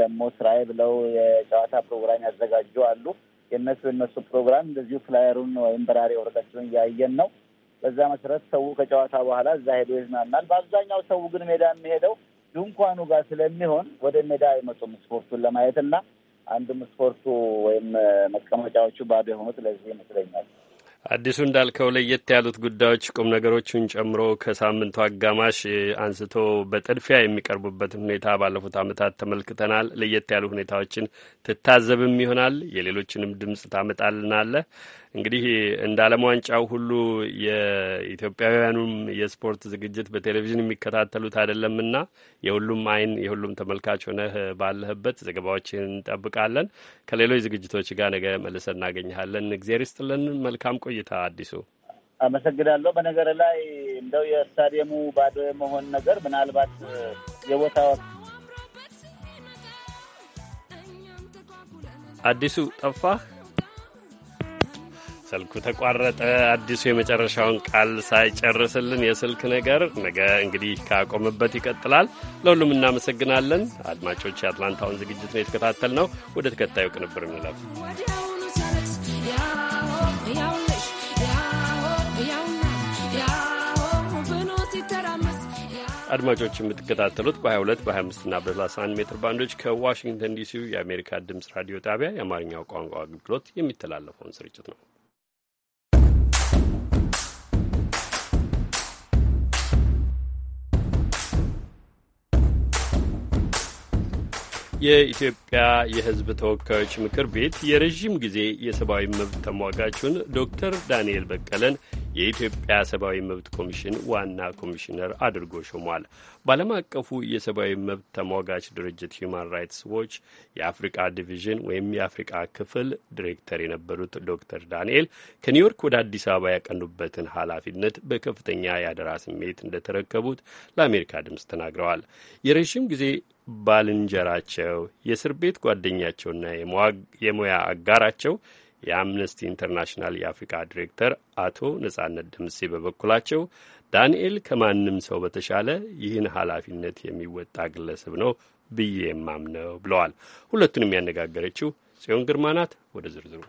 ደግሞ ስራዬ ብለው የጨዋታ ፕሮግራም ያዘጋጁ አሉ። የነሱ የነሱ ፕሮግራም እንደዚሁ ፍላየሩን ወይም በራሪ ወረቀቱን እያየን ነው። በዛ መሰረት ሰው ከጨዋታ በኋላ እዛ ሄዶ ይዝናናል። በአብዛኛው ሰው ግን ሜዳ የሚሄደው ድንኳኑ ጋር ስለሚሆን ወደ ሜዳ አይመጡም ስፖርቱን ለማየት እና አንድም ስፖርቱ ወይም መቀመጫዎቹ ባዶ የሆኑት ለዚህ ይመስለኛል። አዲሱ እንዳልከው ለየት ያሉት ጉዳዮች ቁም ነገሮቹን ጨምሮ ከሳምንቱ አጋማሽ አንስቶ በጥድፊያ የሚቀርቡበትን ሁኔታ ባለፉት ዓመታት ተመልክተናል። ለየት ያሉ ሁኔታዎችን ትታዘብም ይሆናል የሌሎችንም ድምፅ ታመጣልናለህ። እንግዲህ እንደ ዓለም ዋንጫው ሁሉ የኢትዮጵያውያኑም የስፖርት ዝግጅት በቴሌቪዥን የሚከታተሉት አይደለምና የሁሉም አይን የሁሉም ተመልካች ሆነህ ባለህበት ዘገባዎችን እንጠብቃለን። ከሌሎች ዝግጅቶች ጋር ነገ መልሰን እናገኘሃለን። እግዜር ይስጥልን። መልካም ቆይታ አዲሱ። አመሰግናለሁ። በነገር ላይ እንደው የስታዲየሙ ባዶ የመሆን ነገር ምናልባት የቦታ አዲሱ ጠፋህ። ስልኩ ተቋረጠ። አዲሱ የመጨረሻውን ቃል ሳይጨርስልን የስልክ ነገር ነገ እንግዲህ ካቆምበት ይቀጥላል። ለሁሉም እናመሰግናለን አድማጮች። የአትላንታውን ዝግጅት ነው የተከታተል ነው። ወደ ተከታዩ ቅንብር እንለፍ። አድማጮች የምትከታተሉት በ22 በ25ና በ31 ሜትር ባንዶች ከዋሽንግተን ዲሲው የአሜሪካ ድምፅ ራዲዮ ጣቢያ የአማርኛው ቋንቋ አገልግሎት የሚተላለፈውን ስርጭት ነው። የኢትዮጵያ የሕዝብ ተወካዮች ምክር ቤት የረዥም ጊዜ የሰብአዊ መብት ተሟጋቹን ዶክተር ዳንኤል በቀለን የኢትዮጵያ ሰብአዊ መብት ኮሚሽን ዋና ኮሚሽነር አድርጎ ሾሟል። በዓለም አቀፉ የሰብአዊ መብት ተሟጋች ድርጅት ሂዩማን ራይትስ ዎች የአፍሪቃ ዲቪዥን ወይም የአፍሪቃ ክፍል ዲሬክተር የነበሩት ዶክተር ዳንኤል ከኒውዮርክ ወደ አዲስ አበባ ያቀኑበትን ኃላፊነት በከፍተኛ የአደራ ስሜት እንደተረከቡት ለአሜሪካ ድምፅ ተናግረዋል። የረዥም ጊዜ ባልንጀራቸው የእስር ቤት ጓደኛቸውና የሙያ አጋራቸው የአምነስቲ ኢንተርናሽናል የአፍሪካ ዲሬክተር አቶ ነጻነት ደምሴ በበኩላቸው ዳንኤል ከማንም ሰው በተሻለ ይህን ኃላፊነት የሚወጣ ግለሰብ ነው ብዬ የማምነው ብለዋል። ሁለቱንም ያነጋገረችው ጽዮን ግርማ ናት። ወደ ዝርዝሩ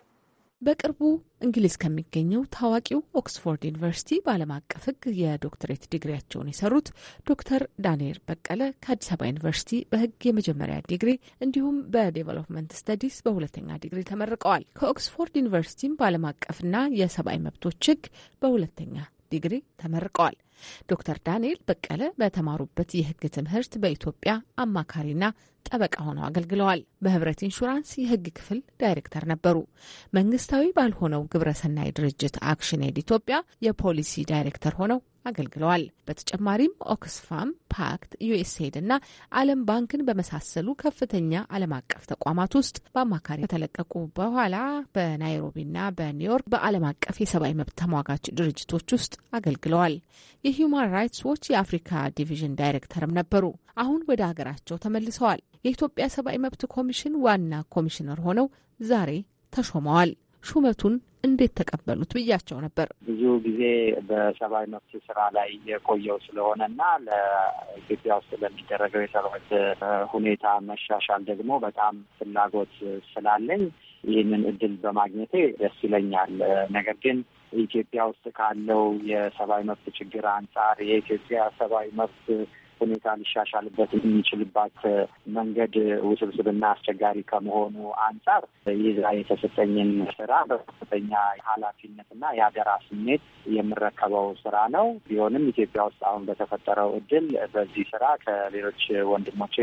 በቅርቡ እንግሊዝ ከሚገኘው ታዋቂው ኦክስፎርድ ዩኒቨርሲቲ በዓለም አቀፍ ሕግ የዶክትሬት ዲግሪያቸውን የሰሩት ዶክተር ዳንኤል በቀለ ከአዲስ አበባ ዩኒቨርሲቲ በሕግ የመጀመሪያ ዲግሪ እንዲሁም በዴቨሎፕመንት ስተዲስ በሁለተኛ ዲግሪ ተመርቀዋል። ከኦክስፎርድ ዩኒቨርሲቲም በዓለም አቀፍና የሰብአዊ መብቶች ሕግ በሁለተኛ ዲግሪ ተመርቀዋል። ዶክተር ዳንኤል በቀለ በተማሩበት የሕግ ትምህርት በኢትዮጵያ አማካሪና ጠበቃ ሆነው አገልግለዋል። በህብረት ኢንሹራንስ የህግ ክፍል ዳይሬክተር ነበሩ። መንግስታዊ ባልሆነው ግብረሰናይ ድርጅት አክሽን ኤድ ኢትዮጵያ የፖሊሲ ዳይሬክተር ሆነው አገልግለዋል። በተጨማሪም ኦክስፋም፣ ፓክት፣ ዩኤስኤድ እና ዓለም ባንክን በመሳሰሉ ከፍተኛ ዓለም አቀፍ ተቋማት ውስጥ በአማካሪ ከተለቀቁ በኋላ በናይሮቢና በኒውዮርክ በዓለም አቀፍ የሰብአዊ መብት ተሟጋች ድርጅቶች ውስጥ አገልግለዋል። የሂውማን ራይትስ ዎች የአፍሪካ ዲቪዥን ዳይሬክተርም ነበሩ። አሁን ወደ ሀገራቸው ተመልሰዋል። የኢትዮጵያ ሰብአዊ መብት ኮሚሽን ዋና ኮሚሽነር ሆነው ዛሬ ተሾመዋል። ሹመቱን እንዴት ተቀበሉት ብያቸው ነበር። ብዙ ጊዜ በሰብአዊ መብት ስራ ላይ የቆየው ስለሆነ እና ለኢትዮጵያ ውስጥ ለሚደረገው የሰብአዊ ሁኔታ መሻሻል ደግሞ በጣም ፍላጎት ስላለኝ ይህንን እድል በማግኘቴ ደስ ይለኛል። ነገር ግን ኢትዮጵያ ውስጥ ካለው የሰብአዊ መብት ችግር አንጻር የኢትዮጵያ ሰብአዊ መብት ሁኔታ ሊሻሻልበት የሚችልባት መንገድ ውስብስብና አስቸጋሪ ከመሆኑ አንጻር ይዛ የተሰጠኝን ስራ በከፍተኛ ኃላፊነትና የሀገራ ስሜት የምረከበው ስራ ነው። ቢሆንም ኢትዮጵያ ውስጥ አሁን በተፈጠረው እድል በዚህ ስራ ከሌሎች ወንድሞቼ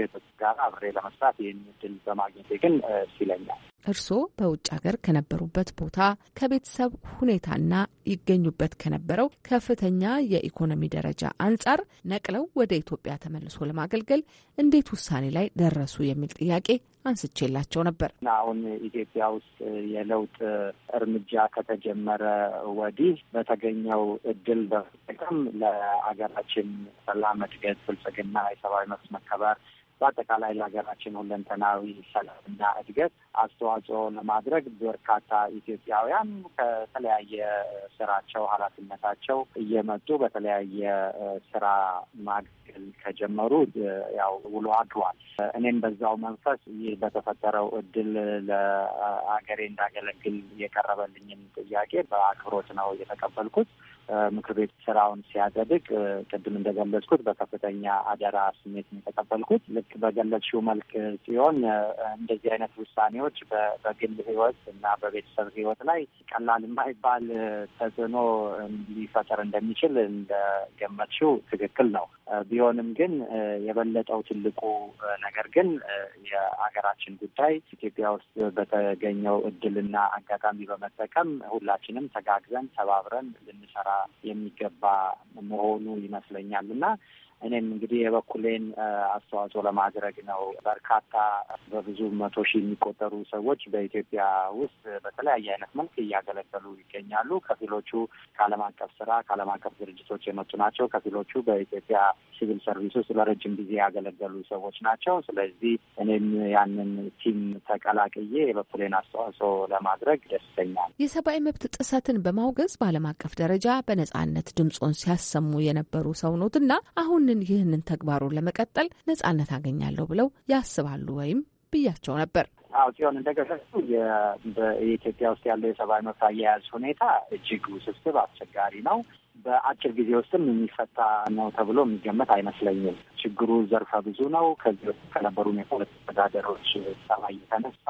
ጋር አብሬ ለመስራት ይህን እድል በማግኘቴ ግን ሲለኛል እርስዎ በውጭ ሀገር ከነበሩበት ቦታ ከቤተሰብ ሁኔታና ይገኙበት ከነበረው ከፍተኛ የኢኮኖሚ ደረጃ አንጻር ነቅለው ወደ ኢትዮጵያ ተመልሶ ለማገልገል እንዴት ውሳኔ ላይ ደረሱ የሚል ጥያቄ አንስቼላቸው ነበር። አሁን ኢትዮጵያ ውስጥ የለውጥ እርምጃ ከተጀመረ ወዲህ በተገኘው እድል በመጠቀም ለሀገራችን ሰላም፣ እድገት፣ ብልጽግና፣ የሰብአዊ መብት መከበር በአጠቃላይ ለሀገራችን ሁለንተናዊ ሰላምና እድገት አስተዋጽኦ ለማድረግ በርካታ ኢትዮጵያውያን ከተለያየ ስራቸው፣ ኃላፊነታቸው እየመጡ በተለያየ ስራ ማገልገል ከጀመሩ ያው ውሎ አድሯል። እኔም በዛው መንፈስ ይህ በተፈጠረው እድል ለሀገሬ እንዳገለግል የቀረበልኝም ጥያቄ በአክብሮት ነው የተቀበልኩት። ምክር ቤት ስራውን ሲያጸድቅ ቅድም እንደገለጽኩት በከፍተኛ አደራ ስሜት የተቀበልኩት። ልክ በገለጽሽው መልክ ሲሆን እንደዚህ አይነት ውሳኔዎች በግል ህይወት እና በቤተሰብ ህይወት ላይ ቀላል የማይባል ተጽዕኖ ሊፈጠር እንደሚችል እንደገመጥሽው ትክክል ነው። ቢሆንም ግን የበለጠው ትልቁ ነገር ግን የሀገራችን ጉዳይ ኢትዮጵያ ውስጥ በተገኘው እድልና አጋጣሚ በመጠቀም ሁላችንም ተጋግዘን ተባብረን ልንሰራ የሚገባ መሆኑ ይመስለኛል እና እኔም እንግዲህ የበኩሌን አስተዋጽኦ ለማድረግ ነው። በርካታ በብዙ መቶ ሺህ የሚቆጠሩ ሰዎች በኢትዮጵያ ውስጥ በተለያየ አይነት መልክ እያገለገሉ ይገኛሉ። ከፊሎቹ ከዓለም አቀፍ ስራ ከዓለም አቀፍ ድርጅቶች የመጡ ናቸው። ከፊሎቹ በኢትዮጵያ ሲቪል ሰርቪስ ውስጥ ለረጅም ጊዜ ያገለገሉ ሰዎች ናቸው። ስለዚህ እኔም ያንን ቲም ተቀላቅዬ የበኩሌን አስተዋጽኦ ለማድረግ ደስተኛል። የሰብአዊ መብት ጥሰትን በማውገዝ በዓለም አቀፍ ደረጃ በነጻነት ድምጾን ሲያሰሙ የነበሩ ሰው ኖትና አሁን ይህንን ይህንን ተግባሩን ለመቀጠል ነጻነት አገኛለሁ ብለው ያስባሉ ወይም ብያቸው ነበር። አዎ ጽዮን እንደገለጹ በኢትዮጵያ ውስጥ ያለው የሰብአዊ መብት አያያዝ ሁኔታ እጅግ ውስብስብ፣ አስቸጋሪ ነው። በአጭር ጊዜ ውስጥም የሚፈታ ነው ተብሎ የሚገመት አይመስለኝም። ችግሩ ዘርፈ ብዙ ነው። ከዚህ በፊት ከነበሩ የፖለቲካ አስተዳደሮች ሰብአዊ የተነሳ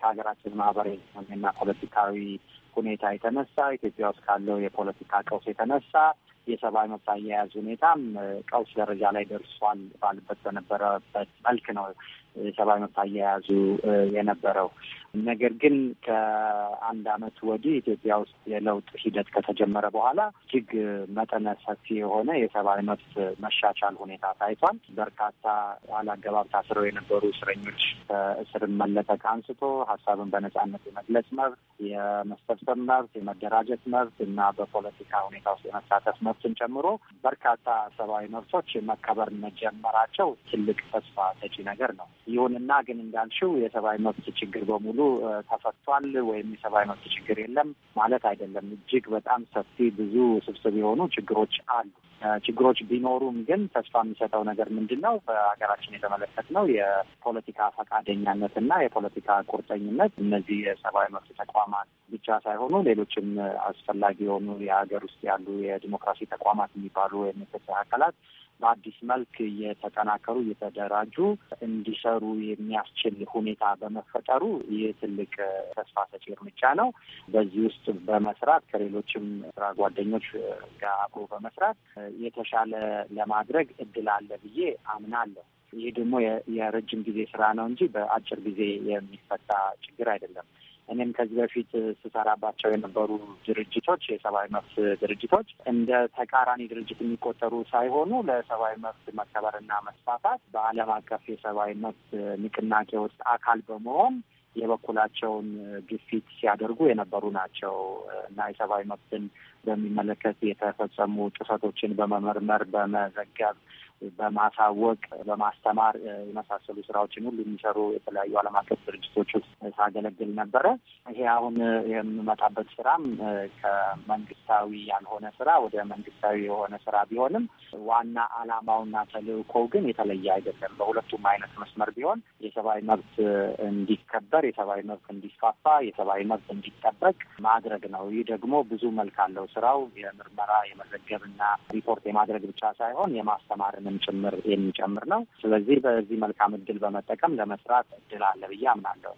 ከሀገራችን ማህበራዊ ኢኮኖሚና ፖለቲካዊ ሁኔታ የተነሳ ኢትዮጵያ ውስጥ ካለው የፖለቲካ ቀውስ የተነሳ የሰብአዊ መብት አያያዝ ሁኔታም ቀውስ ደረጃ ላይ ደርሷል ባልበት በነበረበት መልክ ነው የሰብአዊ መብት አያያዙ የነበረው። ነገር ግን ከአንድ አመት ወዲህ ኢትዮጵያ ውስጥ የለውጥ ሂደት ከተጀመረ በኋላ እጅግ መጠነ ሰፊ የሆነ የሰብአዊ መብት መሻቻል ሁኔታ ታይቷል። በርካታ አላገባብ ታስረው የነበሩ እስረኞች ከእስር መለቀቅ አንስቶ ሀሳብን በነጻነት የመግለጽ መብት፣ የመሰብሰብ መብት፣ የመደራጀት መብት እና በፖለቲካ ሁኔታ ውስጥ የመሳተፍ መብትን ጨምሮ በርካታ ሰብአዊ መብቶች መከበር መጀመራቸው ትልቅ ተስፋ ሰጪ ነገር ነው። ይሁንና ግን እንዳልሽው የሰብአዊ መብት ችግር በሙሉ ተፈቷል ወይም የሰብአዊ መብት ችግር የለም ማለት አይደለም። እጅግ በጣም ሰፊ ብዙ ስብስብ የሆኑ ችግሮች አሉ። ችግሮች ቢኖሩም ግን ተስፋ የሚሰጠው ነገር ምንድን ነው? በሀገራችን የተመለከትነው የፖለቲካ ፈቃደኛነት እና የፖለቲካ ቁርጠኝነት እነዚህ የሰብአዊ መብት ተቋማት ብቻ ሳይሆኑ ሌሎችም አስፈላጊ የሆኑ የሀገር ውስጥ ያሉ የዲሞክራሲ ተቋማት የሚባሉ ወይም አካላት በአዲስ መልክ እየተጠናከሩ እየተደራጁ እንዲሰሩ የሚያስችል ሁኔታ በመፈጠሩ ይህ ትልቅ ተስፋ ሰጪ እርምጃ ነው። በዚህ ውስጥ በመስራት ከሌሎችም ስራ ጓደኞች ጋር አብሮ በመስራት የተሻለ ለማድረግ እድል አለ ብዬ አምናለሁ። ይህ ደግሞ የረጅም ጊዜ ስራ ነው እንጂ በአጭር ጊዜ የሚፈታ ችግር አይደለም። እኔም ከዚህ በፊት ስሰራባቸው የነበሩ ድርጅቶች የሰብአዊ መብት ድርጅቶች እንደ ተቃራኒ ድርጅት የሚቆጠሩ ሳይሆኑ ለሰብአዊ መብት መከበርና መስፋፋት በዓለም አቀፍ የሰብአዊ መብት ንቅናቄ ውስጥ አካል በመሆን የበኩላቸውን ግፊት ሲያደርጉ የነበሩ ናቸው እና የሰብአዊ መብትን በሚመለከት የተፈጸሙ ጥሰቶችን በመመርመር በመዘገብ በማሳወቅ በማስተማር የመሳሰሉ ስራዎችን ሁሉ የሚሰሩ የተለያዩ ዓለም አቀፍ ድርጅቶች ውስጥ ሳገለግል ነበረ። ይሄ አሁን የምመጣበት ስራም ከመንግስታዊ ያልሆነ ስራ ወደ መንግስታዊ የሆነ ስራ ቢሆንም ዋና አላማውና ተልእኮው ግን የተለየ አይደለም። በሁለቱም አይነት መስመር ቢሆን የሰብአዊ መብት እንዲከበር፣ የሰብአዊ መብት እንዲስፋፋ፣ የሰብአዊ መብት እንዲጠበቅ ማድረግ ነው። ይህ ደግሞ ብዙ መልክ አለው። ስራው የምርመራ የመዘገብና ሪፖርት የማድረግ ብቻ ሳይሆን የማስተማር ቱሪዝምን ጭምር የሚጨምር ነው። ስለዚህ በዚህ መልካም እድል በመጠቀም ለመስራት እድል አለ ብዬ አምናለሁ።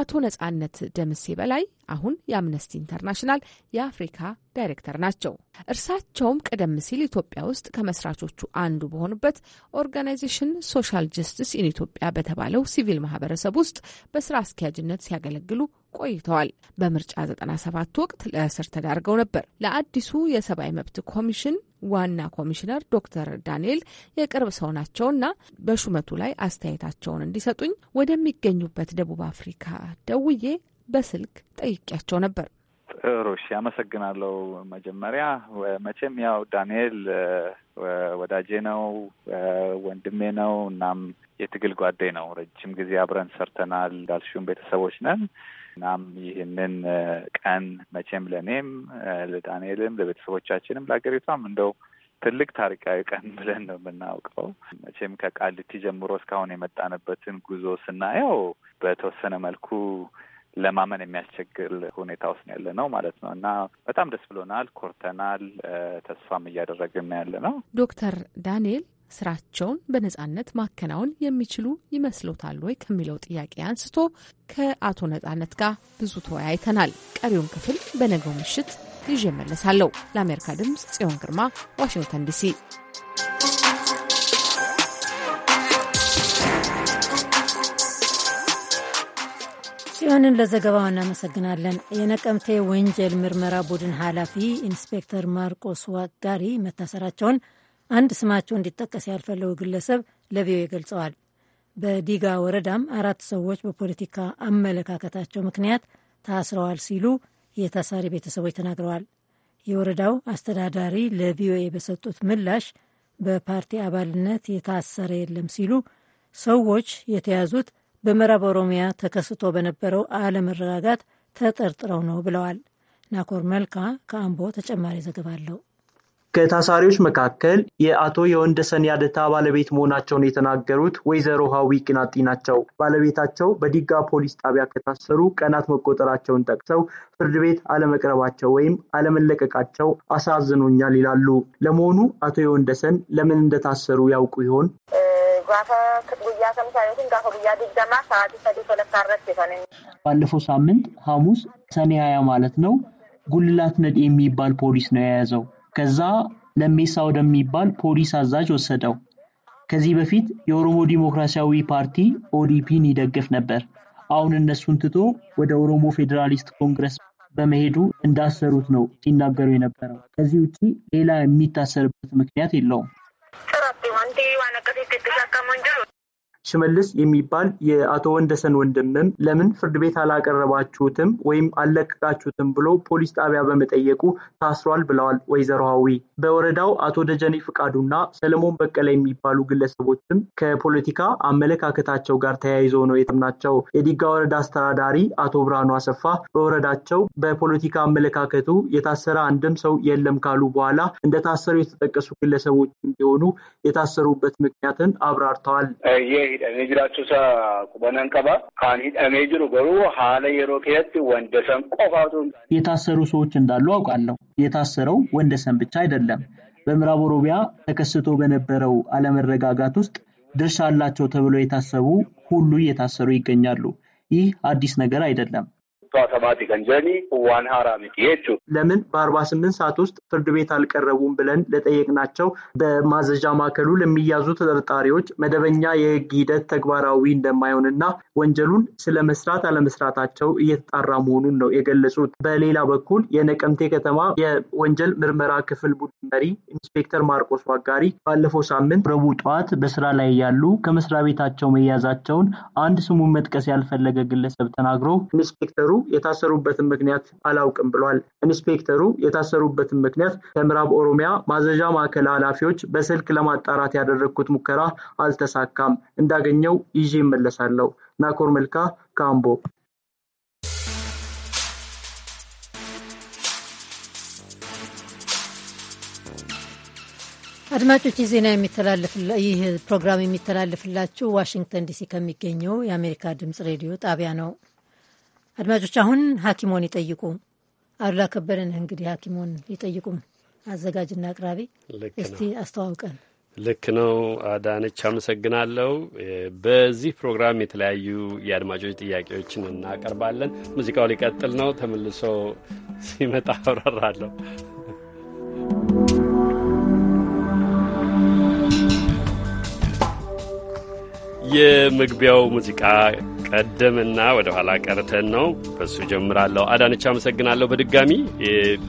አቶ ነጻነት ደምሴ በላይ አሁን የአምነስቲ ኢንተርናሽናል የአፍሪካ ዳይሬክተር ናቸው። እርሳቸውም ቀደም ሲል ኢትዮጵያ ውስጥ ከመስራቾቹ አንዱ በሆኑበት ኦርጋናይዜሽን ሶሻል ጀስቲስ ኢን ኢትዮጵያ በተባለው ሲቪል ማህበረሰብ ውስጥ በስራ አስኪያጅነት ሲያገለግሉ ቆይተዋል። በምርጫ 97 ወቅት ለእስር ተዳርገው ነበር። ለአዲሱ የሰብአዊ መብት ኮሚሽን ዋና ኮሚሽነር ዶክተር ዳንኤል የቅርብ ሰው ናቸውና በሹመቱ ላይ አስተያየታቸውን እንዲሰጡኝ ወደሚገኙበት ደቡብ አፍሪካ ደውዬ በስልክ ጠይቄያቸው ነበር። ጥሩ እሺ፣ አመሰግናለሁ። መጀመሪያ መቼም ያው ዳንኤል ወዳጄ ነው፣ ወንድሜ ነው፣ እናም የትግል ጓደኝ ነው። ረጅም ጊዜ አብረን ሰርተናል። እንዳልሽውም ቤተሰቦች ነን። እናም ይህንን ቀን መቼም ለእኔም ለዳንኤልም ለቤተሰቦቻችንም ለሀገሪቷም እንደው ትልቅ ታሪካዊ ቀን ብለን ነው የምናውቀው። መቼም ከቃሊቲ ጀምሮ እስካሁን የመጣንበትን ጉዞ ስናየው በተወሰነ መልኩ ለማመን የሚያስቸግር ሁኔታ ውስጥ ያለ ነው ማለት ነው እና በጣም ደስ ብሎናል፣ ኮርተናል፣ ተስፋም እያደረግን ያለ ነው። ዶክተር ዳንኤል ስራቸውን በነጻነት ማከናወን የሚችሉ ይመስሎታል ወይ ከሚለው ጥያቄ አንስቶ ከአቶ ነጻነት ጋር ብዙ ተወያይተናል። ቀሪውን ክፍል በነገው ምሽት ይዤ መለሳለሁ። ለአሜሪካ ድምፅ ጽዮን ግርማ ዋሽንግተን ዲሲ ጽዮንን ለዘገባው እናመሰግናለን። የነቀምቴ ወንጀል ምርመራ ቡድን ኃላፊ ኢንስፔክተር ማርቆስ ዋጋሪ መታሰራቸውን አንድ ስማቸው እንዲጠቀስ ያልፈለጉ ግለሰብ ለቪኦኤ ገልጸዋል። በዲጋ ወረዳም አራት ሰዎች በፖለቲካ አመለካከታቸው ምክንያት ታስረዋል ሲሉ የታሳሪ ቤተሰቦች ተናግረዋል። የወረዳው አስተዳዳሪ ለቪኦኤ በሰጡት ምላሽ በፓርቲ አባልነት የታሰረ የለም ሲሉ ሰዎች የተያዙት በምዕራብ ኦሮሚያ ተከስቶ በነበረው አለመረጋጋት ተጠርጥረው ነው ብለዋል። ናኮር መልካ ከአምቦ ተጨማሪ ዘገባ አለው። ከታሳሪዎች መካከል የአቶ የወንደሰን ያደታ ባለቤት መሆናቸውን የተናገሩት ወይዘሮ ሀዊ ቅናጢ ናቸው። ባለቤታቸው በዲጋ ፖሊስ ጣቢያ ከታሰሩ ቀናት መቆጠራቸውን ጠቅሰው ፍርድ ቤት አለመቅረባቸው ወይም አለመለቀቃቸው አሳዝኖኛል ይላሉ። ለመሆኑ አቶ የወንደሰን ለምን እንደታሰሩ ያውቁ ይሆን? ባለፈው ሳምንት ሐሙስ ሰኔ ሀያ ማለት ነው ጉልላት ነድ የሚባል ፖሊስ ነው የያዘው። ከዛ ለሜሳ ወደሚባል ፖሊስ አዛዥ ወሰደው። ከዚህ በፊት የኦሮሞ ዲሞክራሲያዊ ፓርቲ ኦዲፒን ይደግፍ ነበር። አሁን እነሱን ትቶ ወደ ኦሮሞ ፌዴራሊስት ኮንግረስ በመሄዱ እንዳሰሩት ነው ሲናገሩ የነበረው። ከዚህ ውጭ ሌላ የሚታሰርበት ምክንያት የለውም። going down. ሽመልስ የሚባል የአቶ ወንደሰን ወንድምም ለምን ፍርድ ቤት አላቀረባችሁትም ወይም አልለቀቃችሁትም ብሎ ፖሊስ ጣቢያ በመጠየቁ ታስሯል ብለዋል ወይዘሮ ሀዊ። በወረዳው አቶ ደጀኔ ፍቃዱና ሰለሞን በቀለ የሚባሉ ግለሰቦችም ከፖለቲካ አመለካከታቸው ጋር ተያይዘው ነው የተምናቸው። የዲጋ ወረዳ አስተዳዳሪ አቶ ብርሃኑ አሰፋ በወረዳቸው በፖለቲካ አመለካከቱ የታሰረ አንድም ሰው የለም ካሉ በኋላ እንደታሰሩ የተጠቀሱ ግለሰቦች እንዲሆኑ የታሰሩበት ምክንያትን አብራርተዋል። hidhamee jiraachuu isaa qubanan qaba. Kan hidhamee jiru garuu haala yeroo keessatti Wandasan qofaatu. የታሰሩ ሰዎች እንዳሉ አውቃለሁ። የታሰረው ወንደሰን ብቻ አይደለም። በምዕራብ ኦሮሚያ ተከስቶ በነበረው አለመረጋጋት ውስጥ ድርሻ አላቸው ተብለው የታሰቡ ሁሉ እየታሰሩ ይገኛሉ። ይህ አዲስ ነገር አይደለም። ሰባቲ ገንጀኒ ዋን ሀራ የቹ ለምን በአርባ ስምንት ሰዓት ውስጥ ፍርድ ቤት አልቀረቡም ብለን ለጠየቅናቸው በማዘዣ ማዕከሉ ለሚያዙ ተጠርጣሪዎች መደበኛ የህግ ሂደት ተግባራዊ እንደማይሆንና ወንጀሉን ስለ መስራት አለመስራታቸው እየተጣራ መሆኑን ነው የገለጹት። በሌላ በኩል የነቀምቴ ከተማ የወንጀል ምርመራ ክፍል ቡድን መሪ ኢንስፔክተር ማርቆስ ዋጋሪ ባለፈው ሳምንት ረቡዕ ጠዋት በስራ ላይ ያሉ ከመስሪያ ቤታቸው መያዛቸውን አንድ ስሙን መጥቀስ ያልፈለገ ግለሰብ ተናግሮ ኢንስፔክተሩ የታሰሩበትን ምክንያት አላውቅም ብሏል። ኢንስፔክተሩ የታሰሩበትን ምክንያት ከምዕራብ ኦሮሚያ ማዘዣ ማዕከል ኃላፊዎች በስልክ ለማጣራት ያደረግኩት ሙከራ አልተሳካም። እንዳገኘው ይዤ ይመለሳለሁ። ናኮር መልካ ካምቦ አድማጮች ዜና ይህ ፕሮግራም የሚተላለፍላችሁ ዋሽንግተን ዲሲ ከሚገኘው የአሜሪካ ድምጽ ሬዲዮ ጣቢያ ነው። አድማጮች፣ አሁን ሐኪሞን ይጠይቁ አሉላ ከበደን እንግዲህ ሐኪሞን ይጠይቁ አዘጋጅና አቅራቢ እስቲ አስተዋውቀን። ልክ ነው አዳነች፣ አመሰግናለሁ። በዚህ ፕሮግራም የተለያዩ የአድማጮች ጥያቄዎችን እናቀርባለን። ሙዚቃው ሊቀጥል ነው። ተመልሶ ሲመጣ አብራራለሁ። የመግቢያው ሙዚቃ ቀደምና ወደ ኋላ ቀርተን ነው። በሱ ጀምራለሁ። አዳነች አመሰግናለሁ። በድጋሚ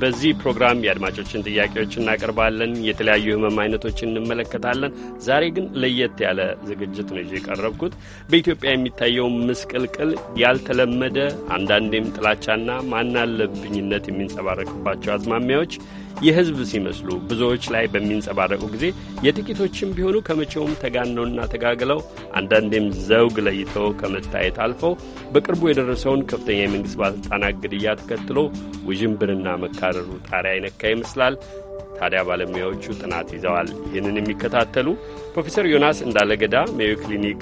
በዚህ ፕሮግራም የአድማጮችን ጥያቄዎች እናቀርባለን። የተለያዩ ህመም አይነቶችን እንመለከታለን። ዛሬ ግን ለየት ያለ ዝግጅት ነው ይዤ የቀረብኩት። በኢትዮጵያ የሚታየው ምስቅልቅል፣ ያልተለመደ አንዳንዴም ጥላቻና ማናለብኝነት የሚንጸባረቅባቸው አዝማሚያዎች የህዝብ ሲመስሉ ብዙዎች ላይ በሚንጸባረቁ ጊዜ የጥቂቶችም ቢሆኑ ከመቼውም ተጋነውና ተጋግለው አንዳንዴም ዘውግ ለይተው ከመታየት አልፈው በቅርቡ የደረሰውን ከፍተኛ የመንግሥት ባለሥልጣናት ግድያ ተከትሎ ውዥንብርና መካረሩ ጣሪያ ይነካ ይመስላል። ታዲያ ባለሙያዎቹ ጥናት ይዘዋል። ይህንን የሚከታተሉ ፕሮፌሰር ዮናስ እንዳለገዳ ሜዮ ክሊኒክ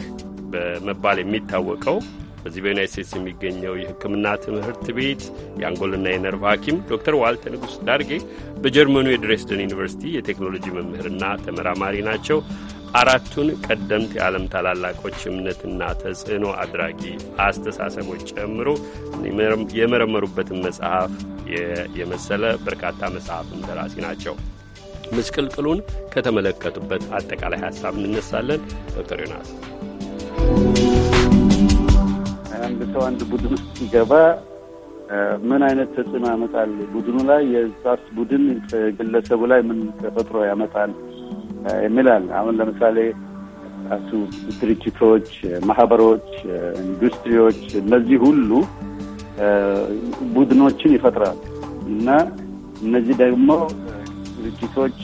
በመባል የሚታወቀው በዚህ በዩናይት ስቴትስ የሚገኘው የሕክምና ትምህርት ቤት የአንጎልና የነርቭ ሐኪም ዶክተር ዋልተ ንጉሥ ዳርጌ በጀርመኑ የድሬስደን ዩኒቨርሲቲ የቴክኖሎጂ መምህርና ተመራማሪ ናቸው። አራቱን ቀደምት የዓለም ታላላቆች እምነትና ተጽዕኖ አድራጊ አስተሳሰቦች ጨምሮ የመረመሩበትን መጽሐፍ የመሰለ በርካታ መጽሐፍም ደራሲ ናቸው። ምስቅልቅሉን ከተመለከቱበት አጠቃላይ ሀሳብ እንነሳለን። ዶክተር ዮናስ አንድ ሰው አንድ ቡድን ውስጥ ሲገባ ምን አይነት ተጽዕኖ ያመጣል ቡድኑ ላይ የዛስ ቡድን ግለሰቡ ላይ ምን ተፈጥሮ ያመጣል የሚላል። አሁን ለምሳሌ ራሱ ድርጅቶች፣ ማህበሮች፣ ኢንዱስትሪዎች እነዚህ ሁሉ ቡድኖችን ይፈጥራል። እና እነዚህ ደግሞ ድርጅቶች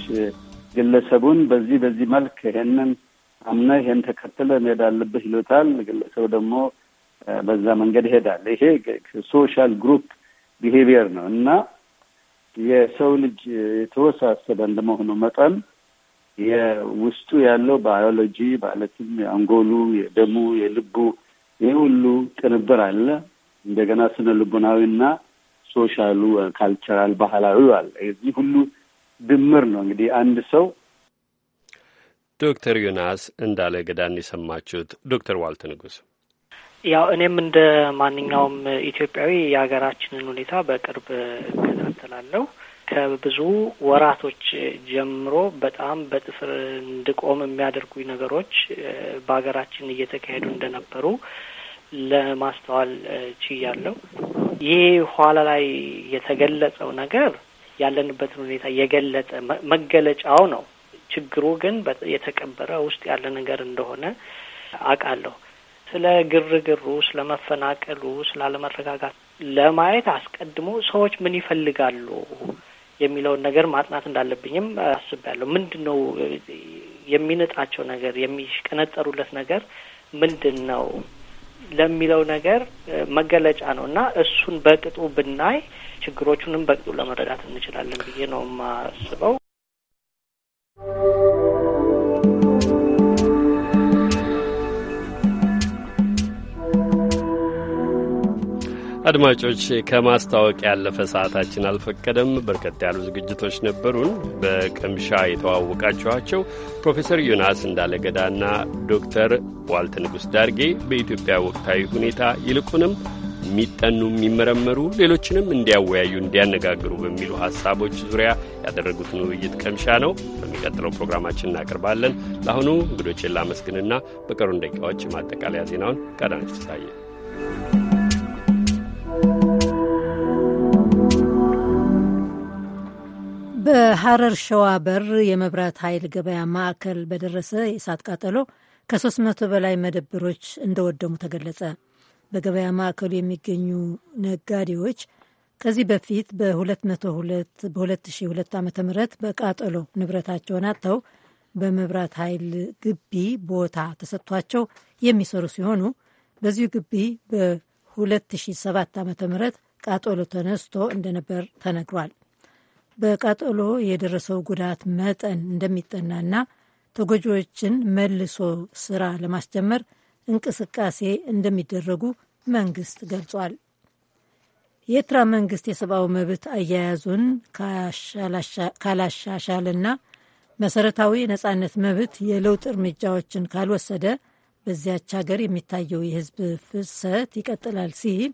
ግለሰቡን በዚህ በዚህ መልክ ይሄንን አምነህ ይሄን ተከትለ መሄድ አለብህ ይሉታል። ግለሰቡ ደግሞ በዛ መንገድ ይሄዳል። ይሄ ሶሻል ግሩፕ ቢሄቪየር ነው እና የሰው ልጅ የተወሳሰበ እንደመሆኑ መጠን የውስጡ ያለው ባዮሎጂ ማለትም የአንጎሉ፣ የደሙ፣ የልቡ ይህ ሁሉ ቅንብር አለ። እንደገና ስነ ልቡናዊና ሶሻሉ፣ ካልቸራል፣ ባህላዊ አለ። የዚህ ሁሉ ድምር ነው እንግዲህ አንድ ሰው ዶክተር ዮናስ እንዳለ ገዳን የሰማችሁት ዶክተር ዋልት ንጉስ ያው እኔም እንደ ማንኛውም ኢትዮጵያዊ የሀገራችንን ሁኔታ በቅርብ እከታተላለሁ። ከብዙ ወራቶች ጀምሮ በጣም በጥፍር እንድቆም የሚያደርጉ ነገሮች በሀገራችን እየተካሄዱ እንደነበሩ ለማስተዋል ችያለሁ። ይህ ኋላ ላይ የተገለጸው ነገር ያለንበትን ሁኔታ የገለጠ መገለጫው ነው። ችግሩ ግን የተቀበረ ውስጥ ያለ ነገር እንደሆነ አውቃለሁ። ስለ ግርግሩ፣ ስለ መፈናቀሉ፣ ስለ አለመረጋጋት ለማየት አስቀድሞ ሰዎች ምን ይፈልጋሉ የሚለውን ነገር ማጥናት እንዳለብኝም አስቤያለሁ። ምንድን ነው የሚነጣቸው ነገር የሚቀነጠሩለት ነገር ምንድን ነው ለሚለው ነገር መገለጫ ነው እና እሱን በቅጡ ብናይ ችግሮቹንም በቅጡ ለመረዳት እንችላለን ብዬ ነው የማስበው። አድማጮች ከማስታወቅ ያለፈ ሰዓታችን አልፈቀደም። በርከት ያሉ ዝግጅቶች ነበሩን። በቅምሻ የተዋወቃችኋቸው ፕሮፌሰር ዮናስ እንዳለገዳና ዶክተር ዋልተ ንጉሥ ዳርጌ በኢትዮጵያ ወቅታዊ ሁኔታ ይልቁንም የሚጠኑ የሚመረመሩ ሌሎችንም እንዲያወያዩ እንዲያነጋግሩ በሚሉ ሀሳቦች ዙሪያ ያደረጉትን ውይይት ቀምሻ ነው። በሚቀጥለው ፕሮግራማችን እናቀርባለን። ለአሁኑ እንግዶችን ላመስግንና በቀሩን ደቂቃዎች ማጠቃለያ ዜናውን ቀዳነች you. በሐረር በር የመብራት ኃይል ገበያ ማዕከል በደረሰ የእሳት ቃጠሎ ከ300 በላይ መደብሮች እንደወደሙ ተገለጸ። በገበያ ማዕከሉ የሚገኙ ነጋዴዎች ከዚህ በፊት በ 2 በ2002 ዓ ም በቃጠሎ ንብረታቸውን አጥተው በመብራት ኃይል ግቢ ቦታ ተሰጥቷቸው የሚሰሩ ሲሆኑ በዚሁ ግቢ በ2007 ዓ ም ቃጠሎ ተነስቶ እንደነበር ተነግሯል። በቃጠሎ የደረሰው ጉዳት መጠን እንደሚጠናና ተጎጂዎችን መልሶ ስራ ለማስጀመር እንቅስቃሴ እንደሚደረጉ መንግስት ገልጿል። የኤርትራ መንግስት የሰብአዊ መብት አያያዙን ካላሻሻልና መሰረታዊ ነጻነት መብት የለውጥ እርምጃዎችን ካልወሰደ በዚያች ሀገር የሚታየው የህዝብ ፍሰት ይቀጥላል ሲል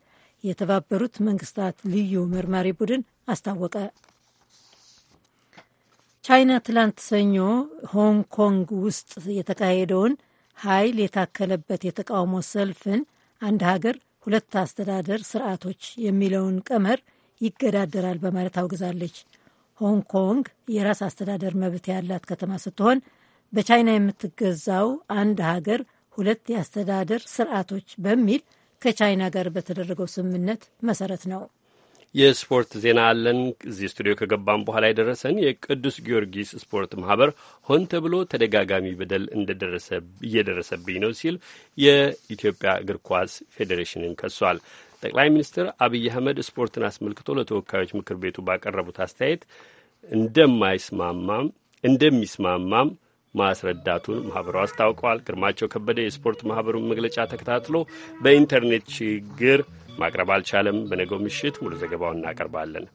የተባበሩት መንግስታት ልዩ መርማሪ ቡድን አስታወቀ። ቻይና ትላንት ሰኞ ሆንግ ኮንግ ውስጥ የተካሄደውን ኃይል የታከለበት የተቃውሞ ሰልፍን አንድ ሀገር ሁለት አስተዳደር ስርዓቶች የሚለውን ቀመር ይገዳደራል በማለት አውግዛለች። ሆንግ ኮንግ የራስ አስተዳደር መብት ያላት ከተማ ስትሆን በቻይና የምትገዛው አንድ ሀገር ሁለት የአስተዳደር ስርዓቶች በሚል ከቻይና ጋር በተደረገው ስምምነት መሰረት ነው። የስፖርት ዜና አለን። እዚህ ስቱዲዮ ከገባም በኋላ የደረሰን የቅዱስ ጊዮርጊስ ስፖርት ማህበር ሆን ተብሎ ተደጋጋሚ በደል እየደረሰብኝ ነው ሲል የኢትዮጵያ እግር ኳስ ፌዴሬሽንን ከሷል። ጠቅላይ ሚኒስትር አብይ አህመድ ስፖርትን አስመልክቶ ለተወካዮች ምክር ቤቱ ባቀረቡት አስተያየት እንደማይስማማም እንደሚስማማም ማስረዳቱን ማህበሩ አስታውቀዋል። ግርማቸው ከበደ የስፖርት ማህበሩን መግለጫ ተከታትሎ በኢንተርኔት ችግር ማቅረብ አልቻለም። በነገው ምሽት ሙሉ ዘገባውን እናቀርባለን።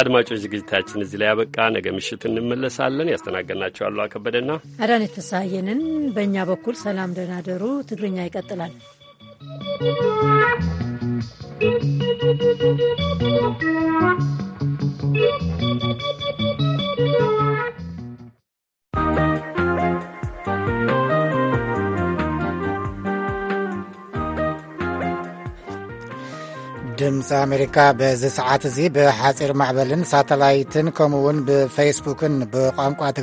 አድማጮች ዝግጅታችን እዚህ ላይ ያበቃ። ነገ ምሽት እንመለሳለን። ያስተናገድናቸው አሉ ከበደና አዳነች ፍስሐዬንን። በእኛ በኩል ሰላም፣ ደህና ደሩ። ትግርኛ ይቀጥላል። ድምፂ ኣሜሪካ በዚ ሰዓት እዚ ብሓፂር ማዕበልን ሳተላይትን ከምኡውን ብፌስቡክን ብቋንቋ